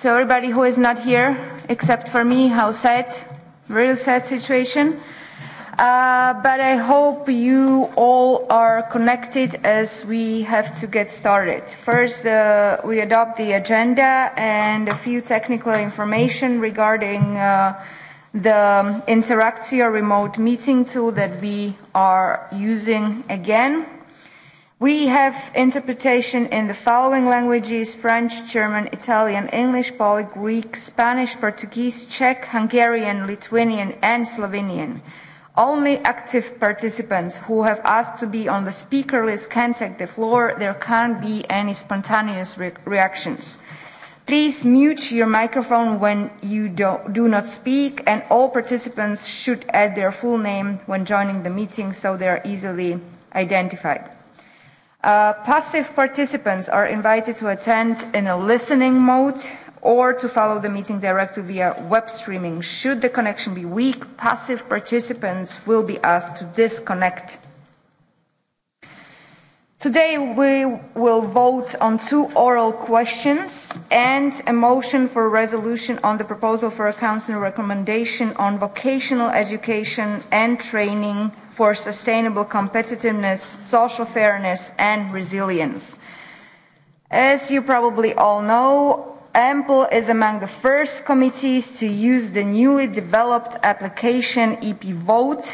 so everybody who is not here, except for me, how sad, real sad situation. Uh, but I hope you all are connected as we have to get started. First, uh, we adopt the agenda and a few technical information regarding uh, the Interactio remote meeting tool that we are using again. We have interpretation in the following languages French, German, Italian, English, Polish, Greek, Spanish, Portuguese, Czech, Hungarian, Lithuanian, and Slovenian. Only active participants who have asked to be on the speaker list can take the floor. There can't be any spontaneous re- reactions. Please mute your microphone when you do, do not speak, and all participants should add their full name when joining the meeting so they are easily identified. Uh, passive participants are invited to attend in a listening mode or to follow the meeting directly via web streaming. Should the connection be weak, passive participants will be asked to disconnect. Today we will vote on two oral questions and a motion for a resolution on the proposal for a council recommendation on vocational education and training for sustainable competitiveness, social fairness and resilience. As you probably all know, EMPL is among the first committees to use the newly developed application ep vote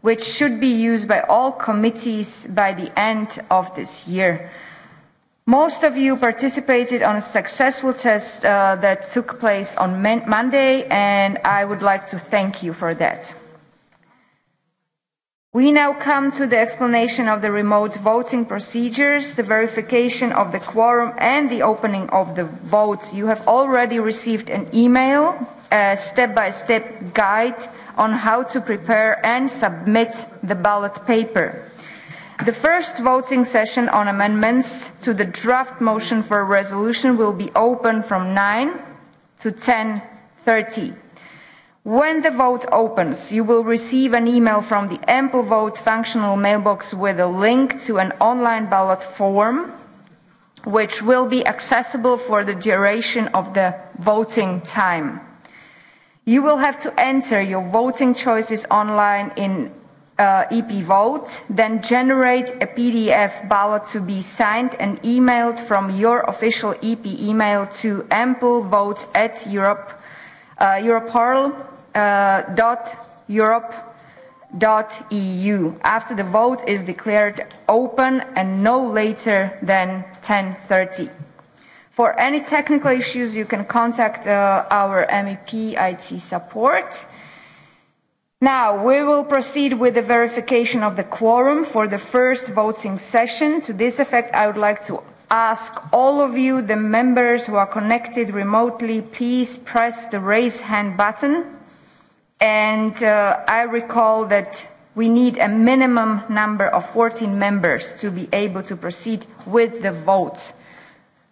which should be used by all committees by the end of this year most of you participated on a successful test uh, that took place on Monday and I would like to thank you for that. We now come to the explanation of the remote voting procedures, the verification of the quorum and the opening of the vote. You have already received an email, a step-by-step -step guide on how to prepare and submit the ballot paper. The first voting session on amendments to the draft motion for a resolution will be open from 9 to 10.30 When the vote opens, you will receive an email from the Ample Vote functional mailbox with a link to an online ballot form, which will be accessible for the duration of the voting time. You will have to enter your voting choices online in uh, EP Vote, then generate a PDF ballot to be signed and emailed from your official EP email to amplevote at Europe, uh, Europarl Uh, dot e after the vote is declared open and no later than 10.30. For any technical issues, you can contact uh, our MEP IT support. Now, we will proceed with the verification of the quorum for the first voting session. To this effect, I would like to ask all of you, the members who are connected remotely, please press the raise hand button And uh, I recall that we need a minimum number of 14 members to be able to proceed with the votes.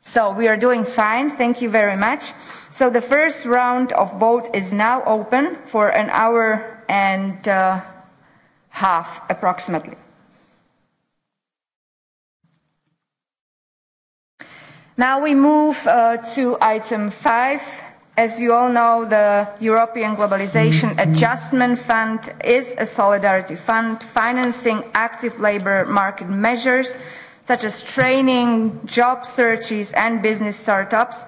So we are doing fine, thank you very much. So the first round of vote is now open for an hour and uh, half approximately. Now we move uh, to item five As you all know, the European Globalization Adjustment Fund is a solidarity fund financing active labor market measures such as training, job searches and business startups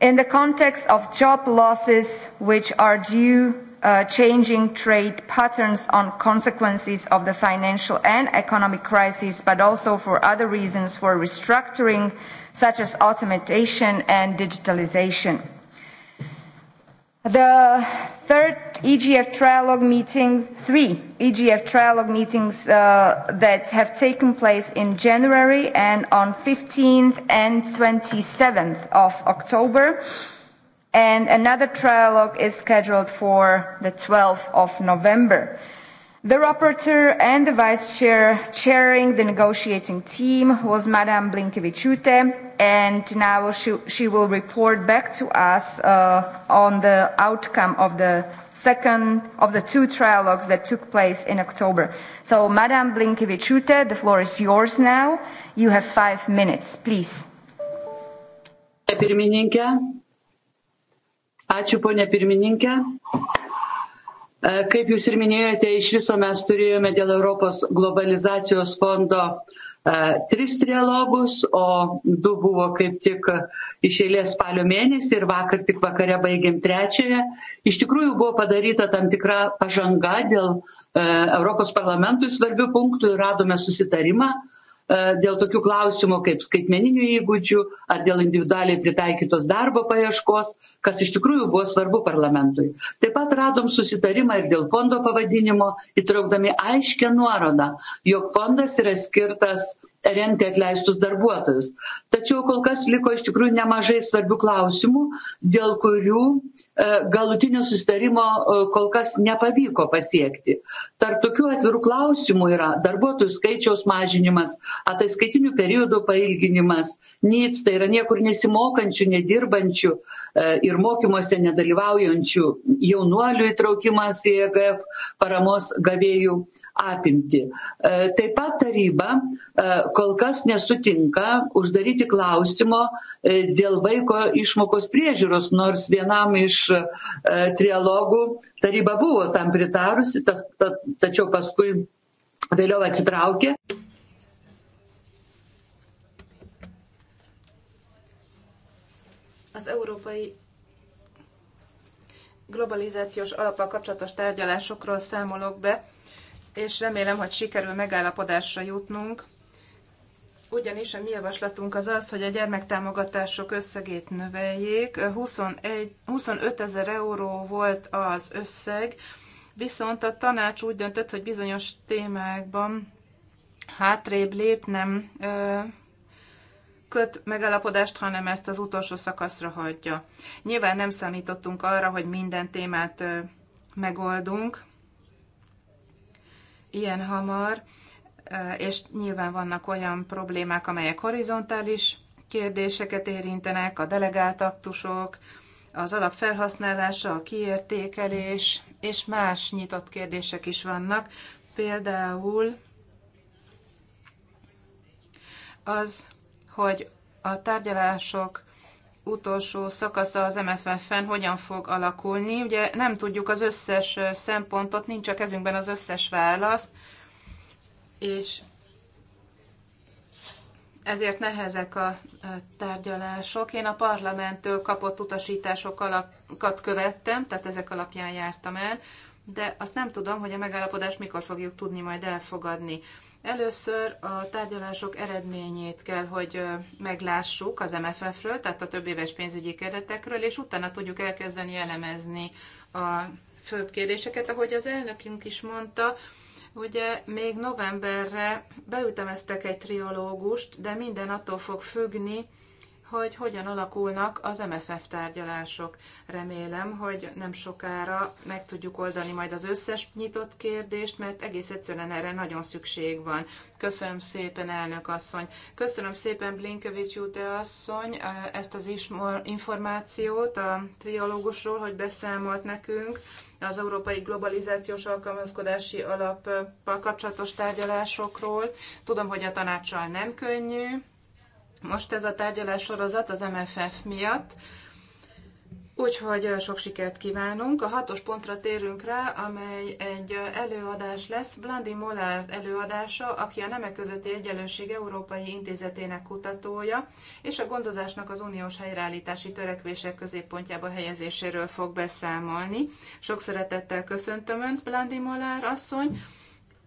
in the context of job losses which are due uh, changing trade patterns on consequences of the financial and economic crisis, but also for other reasons for restructuring, such as automation and digitalization. The third EGF trialogue meeting, three EGF trialogue meetings uh, that have taken place in January and on 15th and 27th of October. And another trialogue is scheduled for the 12th of November. The rapporteur and the vice chair chairing the negotiating team was Madame Blinkevichute, and now she, she will report back to us uh, on the outcome of the second of the two trialogues that took place in October. So, Madame Blinkevichute, the floor is yours now. You have five minutes, please. Pirmininkė. Ačiū, ponia pirmininkė. E, kaip jūs ir minėjote, iš viso mes turėjome dėl Europos globalizacijos fondo e, tris trialogus, o du buvo kaip tik iš eilės spalio mėnesį ir vakar tik vakare baigėm trečiąją. Iš tikrųjų buvo padaryta tam tikra pažanga dėl e, Europos parlamentui svarbių punktų ir radome susitarimą dėl tokių klausimų kaip skaitmeninių įgūdžių ar dėl individualiai pritaikytos darbo paieškos kas iš tikrųjų buvo svarbu parlamentui taip pat radom susitarimą ir dėl fondo pavadinimo įtraukdami aiškę nuorodą jog fondas yra skirtas remti atleistus darbuotojus. Tačiau kol kas liko iš tikrųjų nemažai svarbių klausimų, dėl kurių e, galutinio sustarimo e, kol kas nepavyko pasiekti. Tarp tokių atvirų klausimų yra darbuotojų skaičiaus mažinimas, ataskaitinių periodų pailginimas, NITS, tai yra niekur nesimokančių, nedirbančių e, ir mokymuose nedalyvaujančių jaunuolių įtraukimas į EGF paramos gavėjų apimti. E, taip pat taryba e, kol kas nesutinka uždaryti klausimo e, dėl vaiko išmokos priežiūros, nors vienam iš trialogų taryba buvo tam pritarusi, tas, ta, tačiau paskui vėliau atsitraukė. Az európai globalizációs alapa kapcsolatos tárgyalásokról számolok be és remélem, hogy sikerül megállapodásra jutnunk, ugyanis a mi javaslatunk az az, hogy a gyermektámogatások összegét növeljék. 21, 25 ezer euró volt az összeg, viszont a tanács úgy döntött, hogy bizonyos témákban hátrébb lép, nem köt megállapodást, hanem ezt az utolsó szakaszra hagyja. Nyilván nem számítottunk arra, hogy minden témát megoldunk, ilyen hamar, és nyilván vannak olyan problémák, amelyek horizontális kérdéseket érintenek, a delegált aktusok, az alapfelhasználása, a kiértékelés, és más nyitott kérdések is vannak, például az, hogy a tárgyalások utolsó szakasza az MFF-en hogyan fog alakulni. Ugye nem tudjuk az összes szempontot, nincs a kezünkben az összes válasz, és ezért nehezek a tárgyalások. Én a parlamenttől kapott utasításokat követtem, tehát ezek alapján jártam el, de azt nem tudom, hogy a megállapodást mikor fogjuk tudni majd elfogadni. Először a tárgyalások eredményét kell, hogy meglássuk az MFF-ről, tehát a több éves pénzügyi keretekről, és utána tudjuk elkezdeni elemezni a főbb kérdéseket. Ahogy az elnökünk is mondta, Ugye még novemberre beütemeztek egy triológust, de minden attól fog függni, hogy hogyan alakulnak az MFF tárgyalások. Remélem, hogy nem sokára meg tudjuk oldani majd az összes nyitott kérdést, mert egész egyszerűen erre nagyon szükség van. Köszönöm szépen, elnök asszony. Köszönöm szépen, Blinkevics Jute asszony, eh, ezt az információt a triológusról, hogy beszámolt nekünk az Európai Globalizációs Alkalmazkodási Alappal kapcsolatos tárgyalásokról. Tudom, hogy a tanácssal nem könnyű, most ez a tárgyalás sorozat az MFF miatt, Úgyhogy sok sikert kívánunk. A hatos pontra térünk rá, amely egy előadás lesz, Blandi Molár előadása, aki a Nemek közötti Egyenlőség Európai Intézetének kutatója, és a gondozásnak az uniós helyreállítási törekvések középpontjába helyezéséről fog beszámolni. Sok szeretettel köszöntöm Önt, Blandi Molár asszony,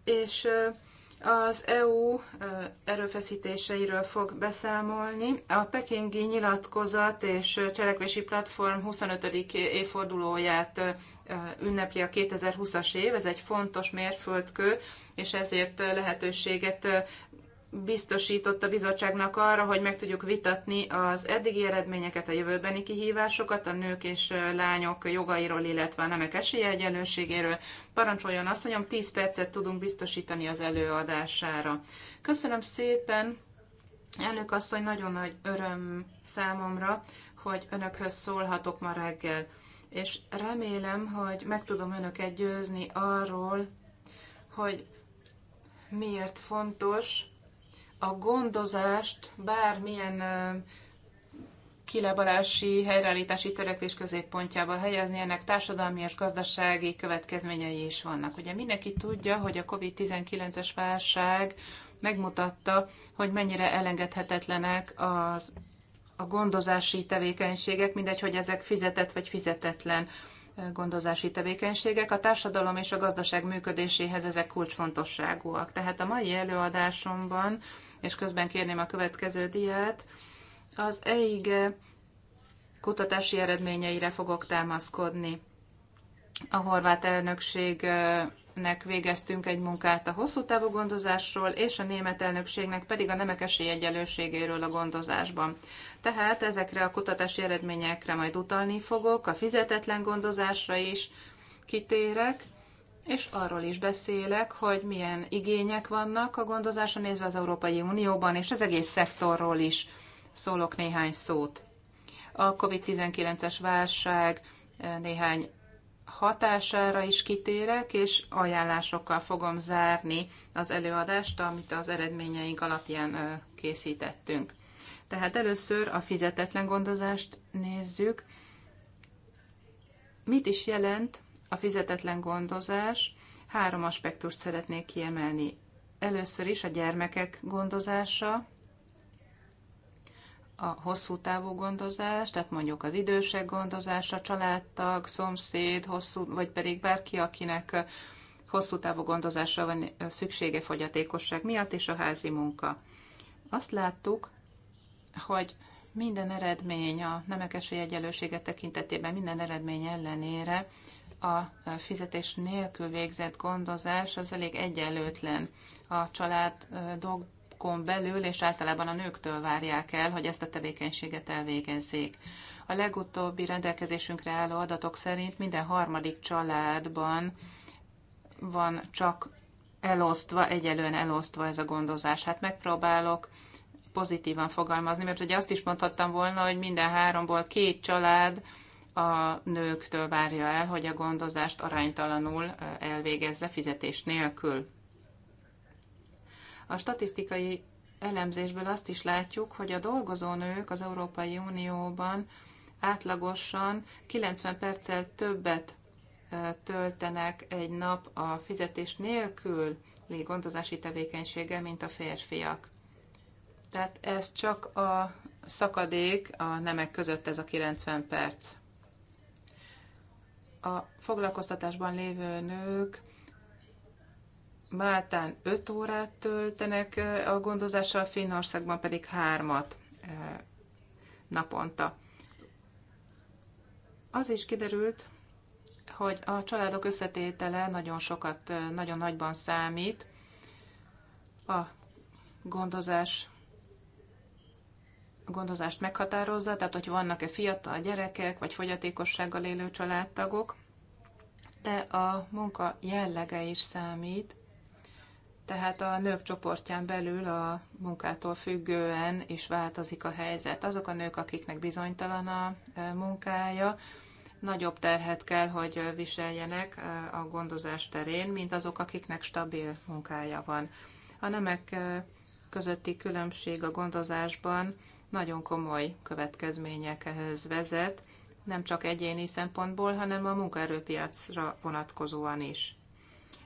és az EU erőfeszítéseiről fog beszámolni. A pekingi nyilatkozat és cselekvési platform 25. évfordulóját ünnepli a 2020-as év, ez egy fontos mérföldkő, és ezért lehetőséget biztosított a bizottságnak arra, hogy meg tudjuk vitatni az eddigi eredményeket, a jövőbeni kihívásokat, a nők és lányok jogairól, illetve a nemek esélyegyenlőségéről. Parancsoljon asszonyom, 10 percet tudunk biztosítani az előadására. Köszönöm szépen, elnök asszony, nagyon nagy öröm számomra, hogy önökhöz szólhatok ma reggel. És remélem, hogy meg tudom önöket győzni arról, hogy miért fontos, a gondozást bármilyen kilebalási, helyreállítási törekvés középpontjába helyezni, ennek társadalmi és gazdasági következményei is vannak. Ugye mindenki tudja, hogy a COVID-19-es válság megmutatta, hogy mennyire elengedhetetlenek az, a gondozási tevékenységek, mindegy, hogy ezek fizetett vagy fizetetlen gondozási tevékenységek. A társadalom és a gazdaság működéséhez ezek kulcsfontosságúak. Tehát a mai előadásomban és közben kérném a következő diát. Az EIGE kutatási eredményeire fogok támaszkodni. A horvát elnökségnek végeztünk egy munkát a hosszú távú gondozásról, és a német elnökségnek pedig a nemek esélyegyenlőségéről a gondozásban. Tehát ezekre a kutatási eredményekre majd utalni fogok, a fizetetlen gondozásra is kitérek, és arról is beszélek, hogy milyen igények vannak a gondozásra nézve az Európai Unióban, és az egész szektorról is szólok néhány szót. A COVID-19-es válság eh, néhány hatására is kitérek, és ajánlásokkal fogom zárni az előadást, amit az eredményeink alapján eh, készítettünk. Tehát először a fizetetlen gondozást nézzük. Mit is jelent a fizetetlen gondozás, három aspektust szeretnék kiemelni. Először is a gyermekek gondozása, a hosszú távú gondozás, tehát mondjuk az idősek gondozása, családtag, szomszéd, hosszú, vagy pedig bárki, akinek hosszú távú gondozásra van szüksége fogyatékosság miatt, és a házi munka. Azt láttuk, hogy minden eredmény a nemek esélyegyelősége tekintetében, minden eredmény ellenére a fizetés nélkül végzett gondozás az elég egyenlőtlen a családokon belül, és általában a nőktől várják el, hogy ezt a tevékenységet elvégezzék. A legutóbbi rendelkezésünkre álló adatok szerint minden harmadik családban van csak elosztva, egyelően elosztva ez a gondozás. Hát megpróbálok pozitívan fogalmazni, mert ugye azt is mondhattam volna, hogy minden háromból két család a nőktől várja el, hogy a gondozást aránytalanul elvégezze fizetés nélkül. A statisztikai elemzésből azt is látjuk, hogy a dolgozó nők az Európai Unióban átlagosan 90 perccel többet töltenek egy nap a fizetés nélkül gondozási tevékenységgel, mint a férfiak. Tehát ez csak a szakadék a nemek között, ez a 90 perc a foglalkoztatásban lévő nők Máltán 5 órát töltenek a gondozással, Finnországban pedig 3 naponta. Az is kiderült, hogy a családok összetétele nagyon sokat, nagyon nagyban számít a gondozás gondozást meghatározza, tehát hogy vannak-e fiatal gyerekek, vagy fogyatékossággal élő családtagok, de a munka jellege is számít, tehát a nők csoportján belül a munkától függően is változik a helyzet. Azok a nők, akiknek bizonytalan a e, munkája, nagyobb terhet kell, hogy e, viseljenek e, a gondozás terén, mint azok, akiknek stabil munkája van. A nemek közötti különbség a gondozásban nagyon komoly következményekhez vezet, nem csak egyéni szempontból, hanem a munkaerőpiacra vonatkozóan is.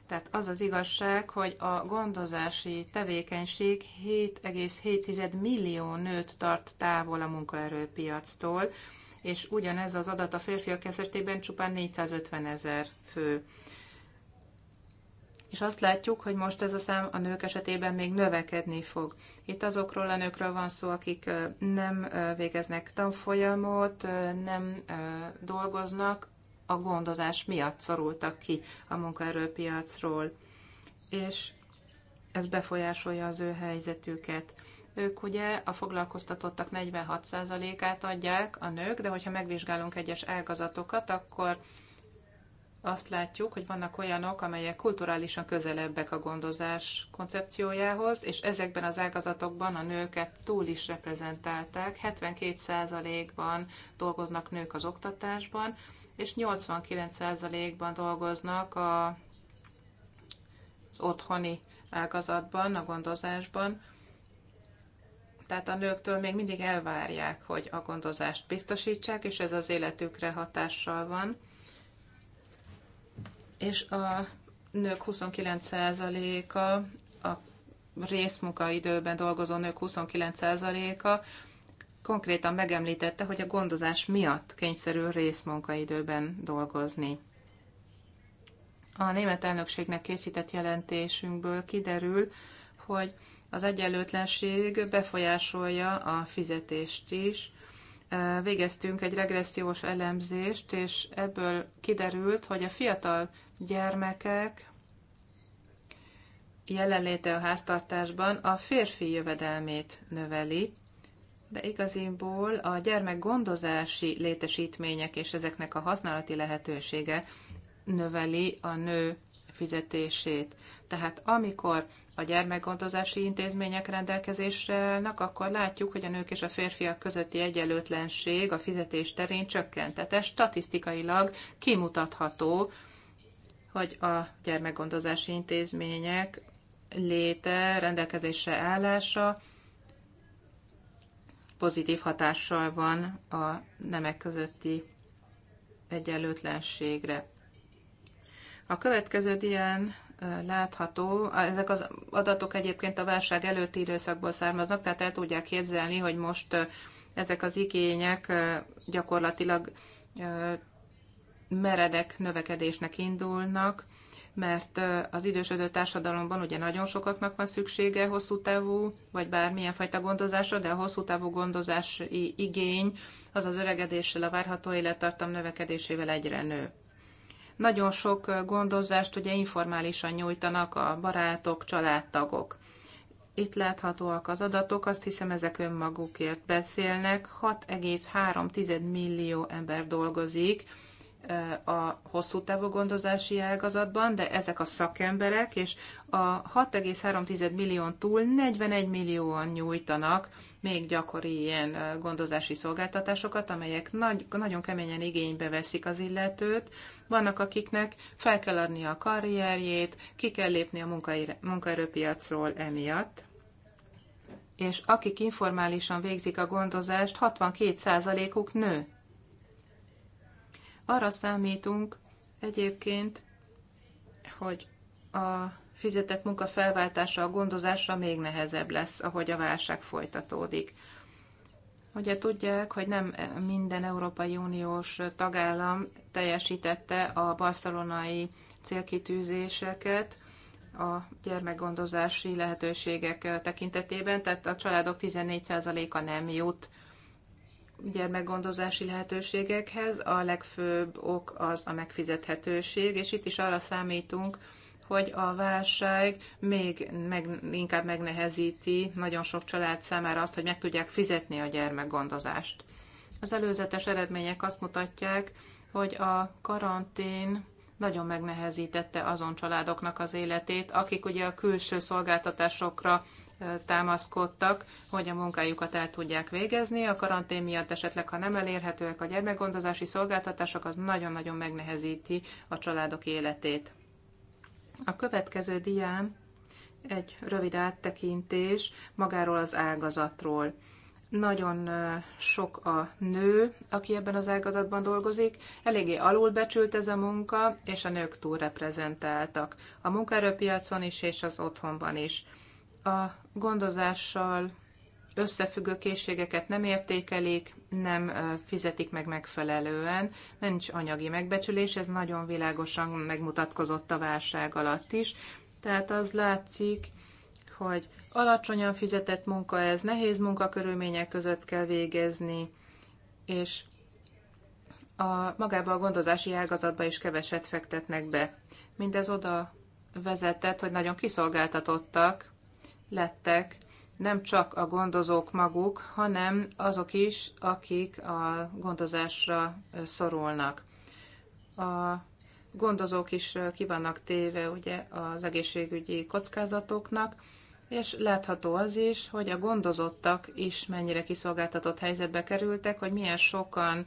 Tehát az az igazság, hogy a gondozási tevékenység 7,7 millió nőt tart távol a munkaerőpiactól, és ugyanez az adat a férfiak esetében csupán 450 ezer fő és azt látjuk, hogy most ez a szám a nők esetében még növekedni fog. Itt azokról a nőkről van szó, akik nem végeznek tanfolyamot, nem dolgoznak, a gondozás miatt szorultak ki a munkaerőpiacról, és ez befolyásolja az ő helyzetüket. Ők ugye a foglalkoztatottak 46%-át adják a nők, de hogyha megvizsgálunk egyes ágazatokat, akkor azt látjuk, hogy vannak olyanok, amelyek kulturálisan közelebbek a gondozás koncepciójához, és ezekben az ágazatokban a nőket túl is reprezentálták. 72%-ban dolgoznak nők az oktatásban, és 89%-ban dolgoznak a, az otthoni ágazatban, a gondozásban. Tehát a nőktől még mindig elvárják, hogy a gondozást biztosítsák, és ez az életükre hatással van és a nők 29%-a, a részmunkaidőben dolgozó nők 29%-a konkrétan megemlítette, hogy a gondozás miatt kényszerül részmunkaidőben dolgozni. A német elnökségnek készített jelentésünkből kiderül, hogy az egyenlőtlenség befolyásolja a fizetést is. Végeztünk egy regressziós elemzést, és ebből kiderült, hogy a fiatal gyermekek jelenléte a háztartásban a férfi jövedelmét növeli, de igaziból a gyermek gondozási létesítmények és ezeknek a használati lehetősége növeli a nő fizetését. Tehát amikor a gyermekgondozási intézmények rendelkezésre állnak, akkor látjuk, hogy a nők és a férfiak közötti egyenlőtlenség a fizetés terén csökkent. Tehát ez statisztikailag kimutatható, hogy a gyermekgondozási intézmények léte, rendelkezésre állása pozitív hatással van a nemek közötti egyenlőtlenségre. A következő ilyen látható, ezek az adatok egyébként a válság előtti időszakból származnak, tehát el tudják képzelni, hogy most ezek az igények gyakorlatilag meredek növekedésnek indulnak, mert az idősödő társadalomban ugye nagyon sokaknak van szüksége hosszú távú, vagy bármilyen fajta gondozásra, de a hosszú távú gondozási igény az az öregedéssel, a várható élettartam növekedésével egyre nő. Nagyon sok gondozást ugye informálisan nyújtanak a barátok, családtagok. Itt láthatóak az adatok, azt hiszem ezek önmagukért beszélnek. 6,3 millió ember dolgozik a hosszú távú gondozási ágazatban, de ezek a szakemberek, és a 6,3 millión túl 41 millióan nyújtanak még gyakori ilyen gondozási szolgáltatásokat, amelyek nagy, nagyon keményen igénybe veszik az illetőt. Vannak, akiknek fel kell adni a karrierjét, ki kell lépni a munkaerőpiacról emiatt és akik informálisan végzik a gondozást, 62%-uk nő. Arra számítunk egyébként, hogy a fizetett munka felváltása, a gondozása még nehezebb lesz, ahogy a válság folytatódik. Ugye tudják, hogy nem minden Európai Uniós tagállam teljesítette a barcelonai célkitűzéseket a gyermekgondozási lehetőségek tekintetében, tehát a családok 14%-a nem jut gyermekgondozási lehetőségekhez. A legfőbb ok az a megfizethetőség, és itt is arra számítunk, hogy a válság még meg, inkább megnehezíti nagyon sok család számára azt, hogy meg tudják fizetni a gyermekgondozást. Az előzetes eredmények azt mutatják, hogy a karantén nagyon megnehezítette azon családoknak az életét, akik ugye a külső szolgáltatásokra támaszkodtak, hogy a munkájukat el tudják végezni. A karantén miatt esetleg, ha nem elérhetőek a gyermekgondozási szolgáltatások, az nagyon-nagyon megnehezíti a családok életét. A következő dián egy rövid áttekintés magáról az ágazatról. Nagyon sok a nő, aki ebben az ágazatban dolgozik, eléggé alulbecsült ez a munka, és a nők túlreprezentáltak. A munkaerőpiacon is, és az otthonban is a gondozással összefüggő készségeket nem értékelik, nem fizetik meg megfelelően, nincs anyagi megbecsülés, ez nagyon világosan megmutatkozott a válság alatt is. Tehát az látszik, hogy alacsonyan fizetett munka ez, nehéz munkakörülmények között kell végezni, és a, magába a gondozási ágazatba is keveset fektetnek be. Mindez oda vezetett, hogy nagyon kiszolgáltatottak lettek nem csak a gondozók maguk, hanem azok is, akik a gondozásra szorulnak. A gondozók is kivannak téve ugye az egészségügyi kockázatoknak, és látható az is, hogy a gondozottak is mennyire kiszolgáltatott helyzetbe kerültek, hogy milyen sokan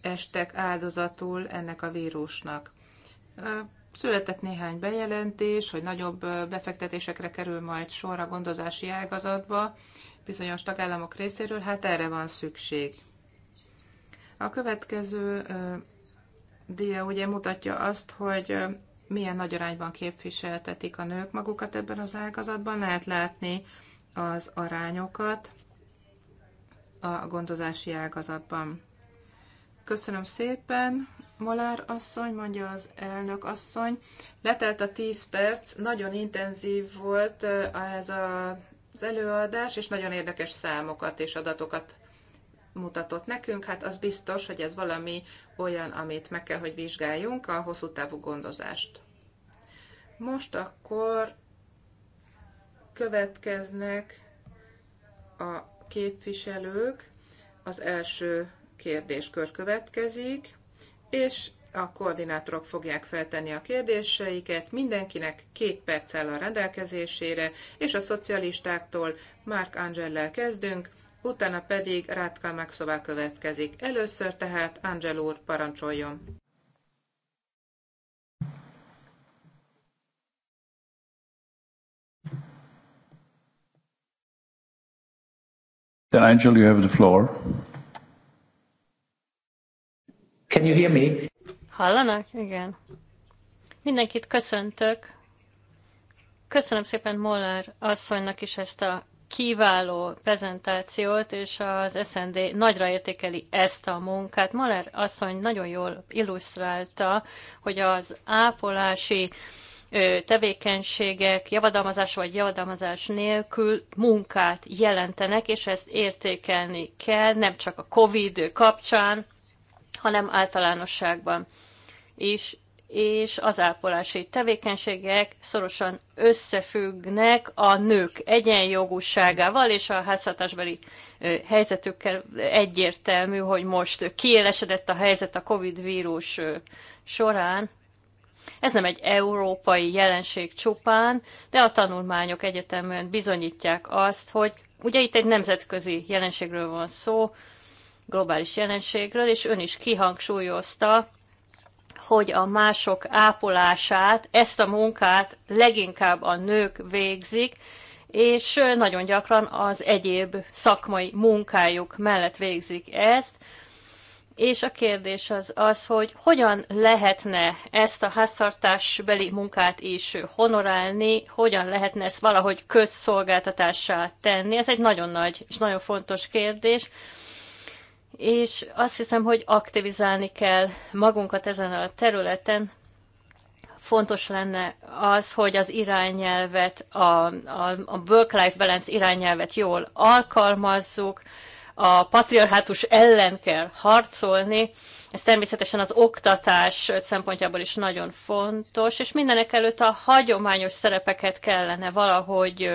estek áldozatul ennek a vírusnak. Született néhány bejelentés, hogy nagyobb befektetésekre kerül majd sor a gondozási ágazatba bizonyos tagállamok részéről, hát erre van szükség. A következő dia ugye mutatja azt, hogy milyen nagy arányban képviseltetik a nők magukat ebben az ágazatban. Lehet látni az arányokat a gondozási ágazatban. Köszönöm szépen! Molár asszony, mondja az elnök asszony, letelt a 10 perc, nagyon intenzív volt eh, ez a, az előadás, és nagyon érdekes számokat és adatokat mutatott nekünk. Hát az biztos, hogy ez valami olyan, amit meg kell, hogy vizsgáljunk, a hosszú távú gondozást. Most akkor következnek a képviselők. Az első kérdéskör következik és a koordinátorok fogják feltenni a kérdéseiket, mindenkinek két perc áll a rendelkezésére, és a szocialistáktól Mark Angellel kezdünk, utána pedig Rátka Maxová következik. Először tehát Angel úr parancsoljon. Angel, you have the floor. Can you hear me? Hallanak? Igen. Mindenkit köszöntök. Köszönöm szépen Moller asszonynak is ezt a kiváló prezentációt, és az SND nagyra értékeli ezt a munkát. Moller asszony nagyon jól illusztrálta, hogy az ápolási tevékenységek javadalmazás vagy javadalmazás nélkül munkát jelentenek, és ezt értékelni kell, nem csak a COVID kapcsán, hanem általánosságban is, és az ápolási tevékenységek szorosan összefüggnek a nők egyenjogúságával és a házhatásbeli helyzetükkel egyértelmű, hogy most kiélesedett a helyzet a Covid vírus során. Ez nem egy európai jelenség csupán, de a tanulmányok egyetemben bizonyítják azt, hogy ugye itt egy nemzetközi jelenségről van szó, globális jelenségről, és ön is kihangsúlyozta, hogy a mások ápolását, ezt a munkát leginkább a nők végzik, és nagyon gyakran az egyéb szakmai munkájuk mellett végzik ezt. És a kérdés az az, hogy hogyan lehetne ezt a háztartásbeli munkát is honorálni, hogyan lehetne ezt valahogy közszolgáltatássá tenni. Ez egy nagyon nagy és nagyon fontos kérdés és azt hiszem, hogy aktivizálni kell magunkat ezen a területen. Fontos lenne az, hogy az irányelvet, a, a, a work-life balance irányelvet jól alkalmazzuk, a patriarhátus ellen kell harcolni, ez természetesen az oktatás szempontjából is nagyon fontos, és mindenek előtt a hagyományos szerepeket kellene valahogy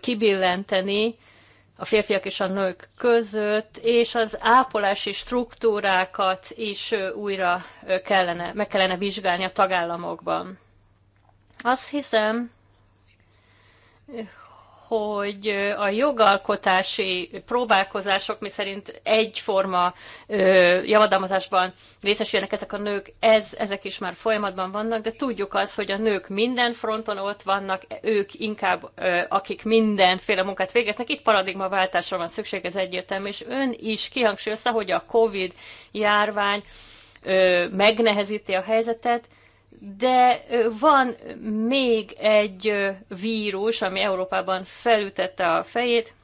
kibillenteni, a férfiak és a nők között, és az ápolási struktúrákat is újra kellene, meg kellene vizsgálni a tagállamokban. Azt hiszem, hogy a jogalkotási próbálkozások, mi szerint egyforma javadalmazásban részesülnek ezek a nők, ez, ezek is már folyamatban vannak, de tudjuk az, hogy a nők minden fronton ott vannak, ők inkább, ö, akik mindenféle munkát végeznek. Itt paradigmaváltásra van szükség, ez egyértelmű, és ön is kihangsúlyozta, hogy a COVID járvány ö, megnehezíti a helyzetet, de van még egy vírus, ami Európában felütette a fejét,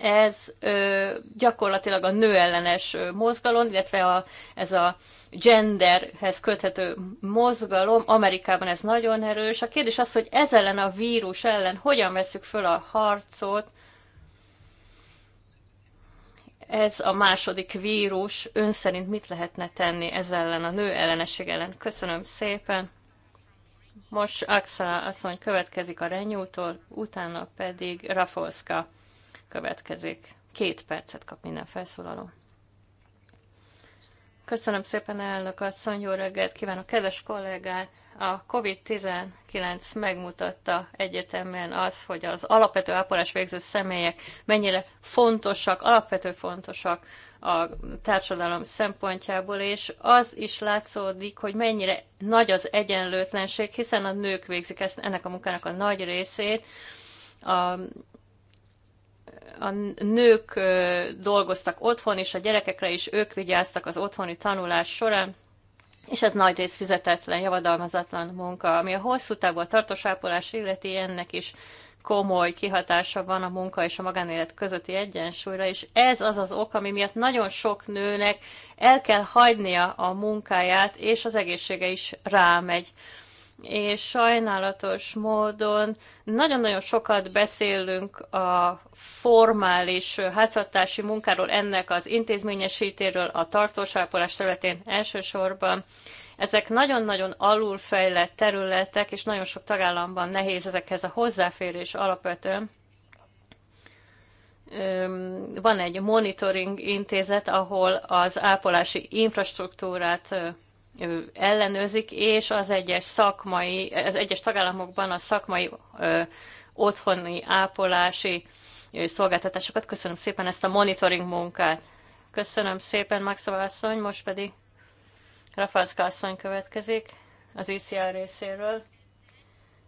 ez ö, gyakorlatilag a nőellenes mozgalom, illetve a, ez a genderhez köthető mozgalom, Amerikában ez nagyon erős. A kérdés az, hogy ez ellen a vírus ellen hogyan veszük föl a harcot, ez a második vírus ön szerint mit lehetne tenni ez ellen, a nő ellenesség ellen? Köszönöm szépen. Most Axel asszony következik a Renyútól, utána pedig Rafolska következik. Két percet kap minden felszólaló. Köszönöm szépen, elnök asszony, jó reggelt kívánok, kedves kollégák! A COVID-19 megmutatta egyetemen az, hogy az alapvető ápolás végző személyek mennyire fontosak, alapvető fontosak a társadalom szempontjából, és az is látszódik, hogy mennyire nagy az egyenlőtlenség, hiszen a nők végzik ezt, ennek a munkának a nagy részét, a a nők dolgoztak otthon, és a gyerekekre is ők vigyáztak az otthoni tanulás során, és ez nagy rész fizetetlen, javadalmazatlan munka, ami a hosszú távú a tartós ápolás illeti ennek is komoly kihatása van a munka és a magánélet közötti egyensúlyra, és ez az az ok, ami miatt nagyon sok nőnek el kell hagynia a munkáját, és az egészsége is rámegy és sajnálatos módon nagyon-nagyon sokat beszélünk a formális háztartási munkáról, ennek az intézményesítéről, a tartósápolás területén elsősorban. Ezek nagyon-nagyon alulfejlett területek, és nagyon sok tagállamban nehéz ezekhez a hozzáférés alapvetően van egy monitoring intézet, ahol az ápolási infrastruktúrát ellenőrzik, és az egyes szakmai, az egyes tagállamokban a szakmai ö, otthoni ápolási ö, szolgáltatásokat. Köszönöm szépen ezt a monitoring munkát. Köszönöm szépen, Maxova asszony, most pedig Rafalszka asszony következik az ICR részéről,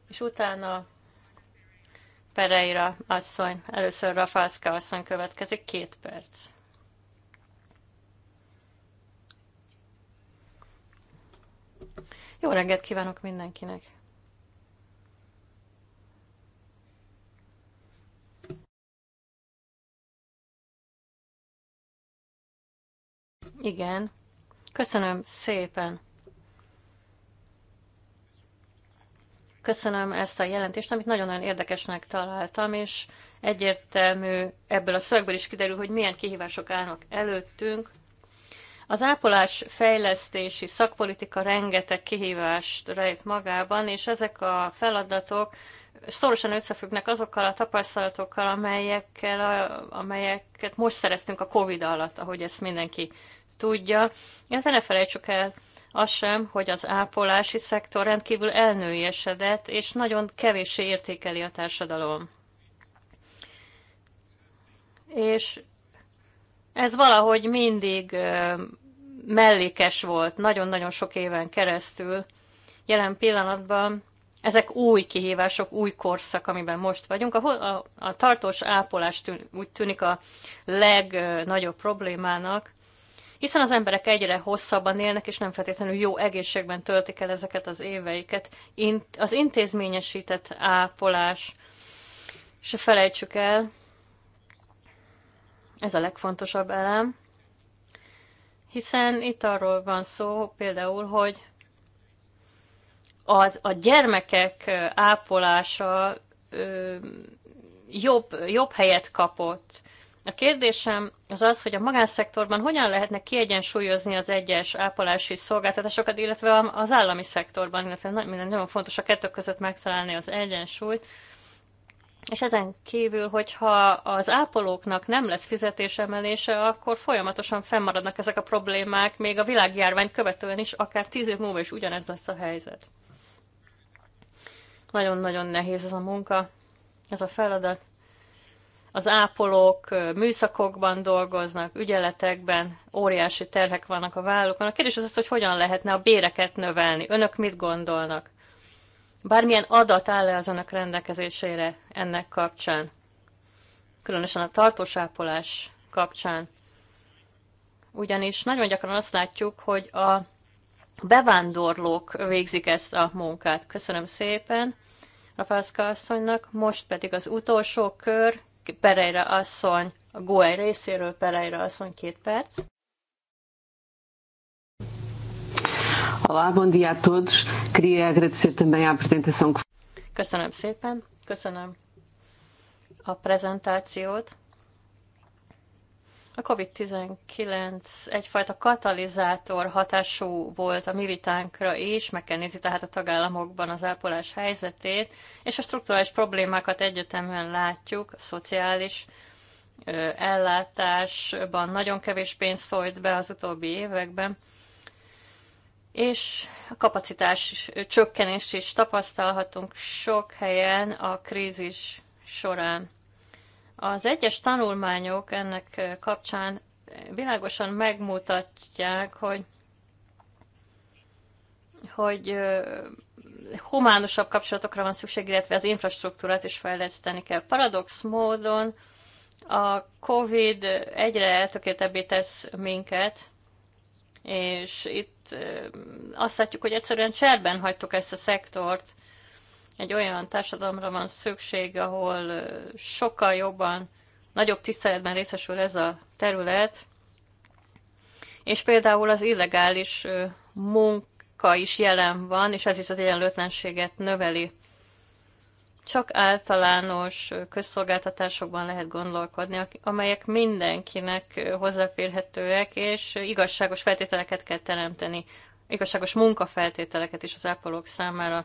és utána Pereira asszony, először Rafalszka asszony következik, két perc. Jó reggelt kívánok mindenkinek! Igen, köszönöm szépen! Köszönöm ezt a jelentést, amit nagyon-nagyon érdekesnek találtam, és egyértelmű ebből a szövegből is kiderül, hogy milyen kihívások állnak előttünk, az ápolás fejlesztési szakpolitika rengeteg kihívást rejt magában, és ezek a feladatok szorosan összefüggnek azokkal a tapasztalatokkal, amelyekkel a, amelyeket most szereztünk a COVID alatt, ahogy ezt mindenki tudja. Illetve ne felejtsük el az sem, hogy az ápolási szektor rendkívül elnőjesedett, és nagyon kevéssé értékeli a társadalom. És ez valahogy mindig mellékes volt, nagyon-nagyon sok éven keresztül. Jelen pillanatban ezek új kihívások, új korszak, amiben most vagyunk. A, a, a tartós ápolás tűn, úgy tűnik a legnagyobb problémának, hiszen az emberek egyre hosszabban élnek, és nem feltétlenül jó egészségben töltik el ezeket az éveiket. In, az intézményesített ápolás, se felejtsük el, ez a legfontosabb elem, hiszen itt arról van szó például, hogy az, a gyermekek ápolása ö, jobb, jobb helyet kapott. A kérdésem az az, hogy a magánszektorban hogyan lehetne kiegyensúlyozni az egyes ápolási szolgáltatásokat, illetve az állami szektorban, illetve nagyon fontos a kettő között megtalálni az egyensúlyt, és ezen kívül, hogyha az ápolóknak nem lesz fizetésemelése, akkor folyamatosan fennmaradnak ezek a problémák, még a világjárványt követően is, akár tíz év múlva is ugyanez lesz a helyzet. Nagyon-nagyon nehéz ez a munka, ez a feladat. Az ápolók műszakokban dolgoznak, ügyeletekben, óriási terhek vannak a vállukon. A kérdés az az, hogy hogyan lehetne a béreket növelni. Önök mit gondolnak? bármilyen adat áll-e az önök rendelkezésére ennek kapcsán, különösen a tartósápolás kapcsán. Ugyanis nagyon gyakran azt látjuk, hogy a bevándorlók végzik ezt a munkát. Köszönöm szépen Rafalszka asszonynak, most pedig az utolsó kör, Pereira asszony, a Goel részéről Pereira asszony két perc. Olá, bom dia a todos. Queria agradecer também a apresentação que Köszönöm szépen, köszönöm a prezentációt. A COVID-19 egyfajta katalizátor hatású volt a mi vitánkra is, meg kell nézni tehát a tagállamokban az ápolás helyzetét, és a strukturális problémákat egyetemben látjuk, a szociális ellátásban nagyon kevés pénz folyt be az utóbbi években, és a kapacitás csökkenést is tapasztalhatunk sok helyen a krízis során. Az egyes tanulmányok ennek kapcsán világosan megmutatják, hogy hogy humánusabb kapcsolatokra van szükség, illetve az infrastruktúrát is fejleszteni kell. Paradox módon a COVID egyre eltökéltebbé tesz minket, és itt azt látjuk, hogy egyszerűen cserben hagytuk ezt a szektort. Egy olyan társadalomra van szükség, ahol sokkal jobban, nagyobb tiszteletben részesül ez a terület, és például az illegális munka is jelen van, és ez is az egyenlőtlenséget növeli csak általános közszolgáltatásokban lehet gondolkodni, amelyek mindenkinek hozzáférhetőek, és igazságos feltételeket kell teremteni, igazságos munkafeltételeket is az ápolók számára.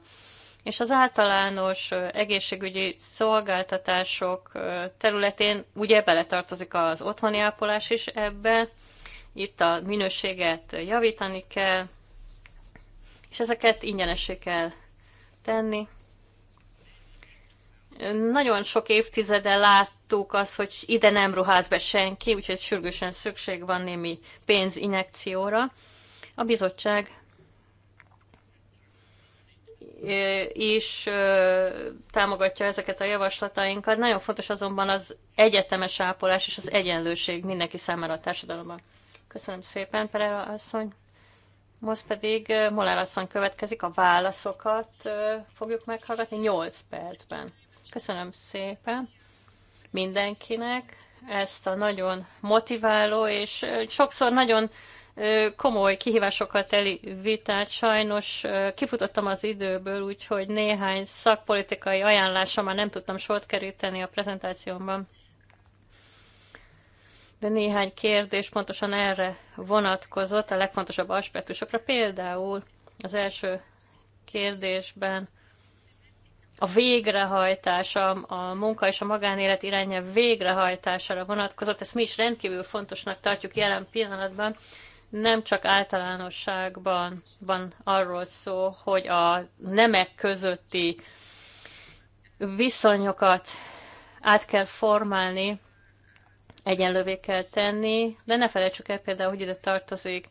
És az általános egészségügyi szolgáltatások területén ugye beletartozik az otthoni ápolás is ebbe, itt a minőséget javítani kell, és ezeket ingyenessé kell tenni nagyon sok évtizede láttuk azt, hogy ide nem ruház be senki, úgyhogy sürgősen szükség van némi pénzinjekcióra. A bizottság is támogatja ezeket a javaslatainkat. Nagyon fontos azonban az egyetemes ápolás és az egyenlőség mindenki számára a társadalomban. Köszönöm szépen, Perela asszony. Most pedig Molár asszony következik, a válaszokat fogjuk meghallgatni 8 percben. Köszönöm szépen mindenkinek ezt a nagyon motiváló és sokszor nagyon komoly kihívásokat teli vitát. Sajnos kifutottam az időből, úgyhogy néhány szakpolitikai ajánlásra már nem tudtam sort keríteni a prezentációmban. De néhány kérdés pontosan erre vonatkozott, a legfontosabb aspektusokra. Például az első kérdésben a végrehajtása, a munka és a magánélet irányelv végrehajtására vonatkozott. Ezt mi is rendkívül fontosnak tartjuk jelen pillanatban. Nem csak általánosságban van arról szó, hogy a nemek közötti viszonyokat át kell formálni, egyenlővé kell tenni, de ne felejtsük el például, hogy ide tartozik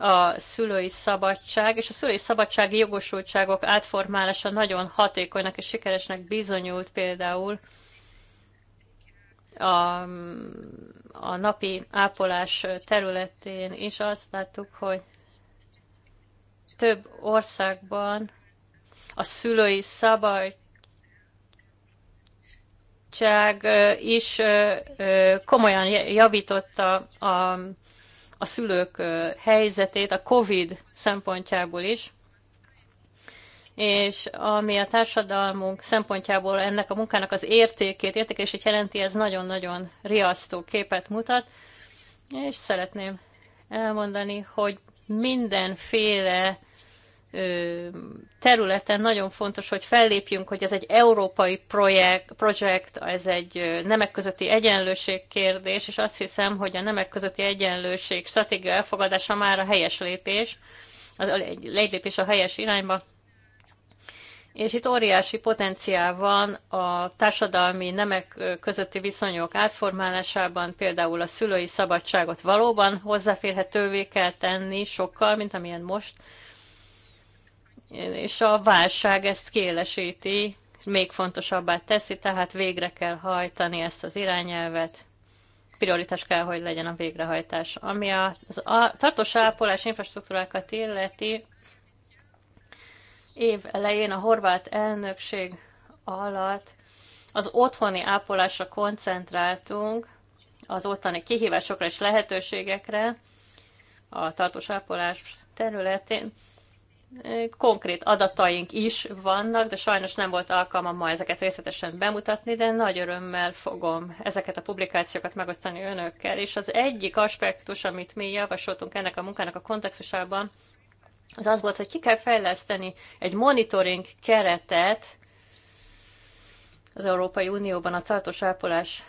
a szülői szabadság, és a szülői szabadsági jogosultságok átformálása nagyon hatékonynak és sikeresnek bizonyult például a, a napi ápolás területén is azt láttuk, hogy több országban a szülői szabadság is komolyan javította a a szülők helyzetét a COVID szempontjából is, és ami a társadalmunk szempontjából ennek a munkának az értékét, értékelését jelenti, ez nagyon-nagyon riasztó képet mutat, és szeretném elmondani, hogy mindenféle területen nagyon fontos, hogy fellépjünk, hogy ez egy európai projekt, projekt, ez egy nemek közötti egyenlőség kérdés, és azt hiszem, hogy a nemek közötti egyenlőség stratégia elfogadása már a helyes lépés, az egy lépés a helyes irányba. És itt óriási potenciál van a társadalmi nemek közötti viszonyok átformálásában, például a szülői szabadságot valóban hozzáférhetővé kell tenni sokkal, mint amilyen most, és a válság ezt kélesíti, még fontosabbá teszi, tehát végre kell hajtani ezt az irányelvet, prioritás kell, hogy legyen a végrehajtás. Ami a, az a tartós ápolás infrastruktúrákat illeti, év elején a horvát elnökség alatt az otthoni ápolásra koncentráltunk, az ottani kihívásokra és lehetőségekre a tartós ápolás területén konkrét adataink is vannak, de sajnos nem volt alkalmam ma ezeket részletesen bemutatni, de nagy örömmel fogom ezeket a publikációkat megosztani önökkel. És az egyik aspektus, amit mi javasoltunk ennek a munkának a kontextusában, az az volt, hogy ki kell fejleszteni egy monitoring keretet az Európai Unióban a tartós ápolás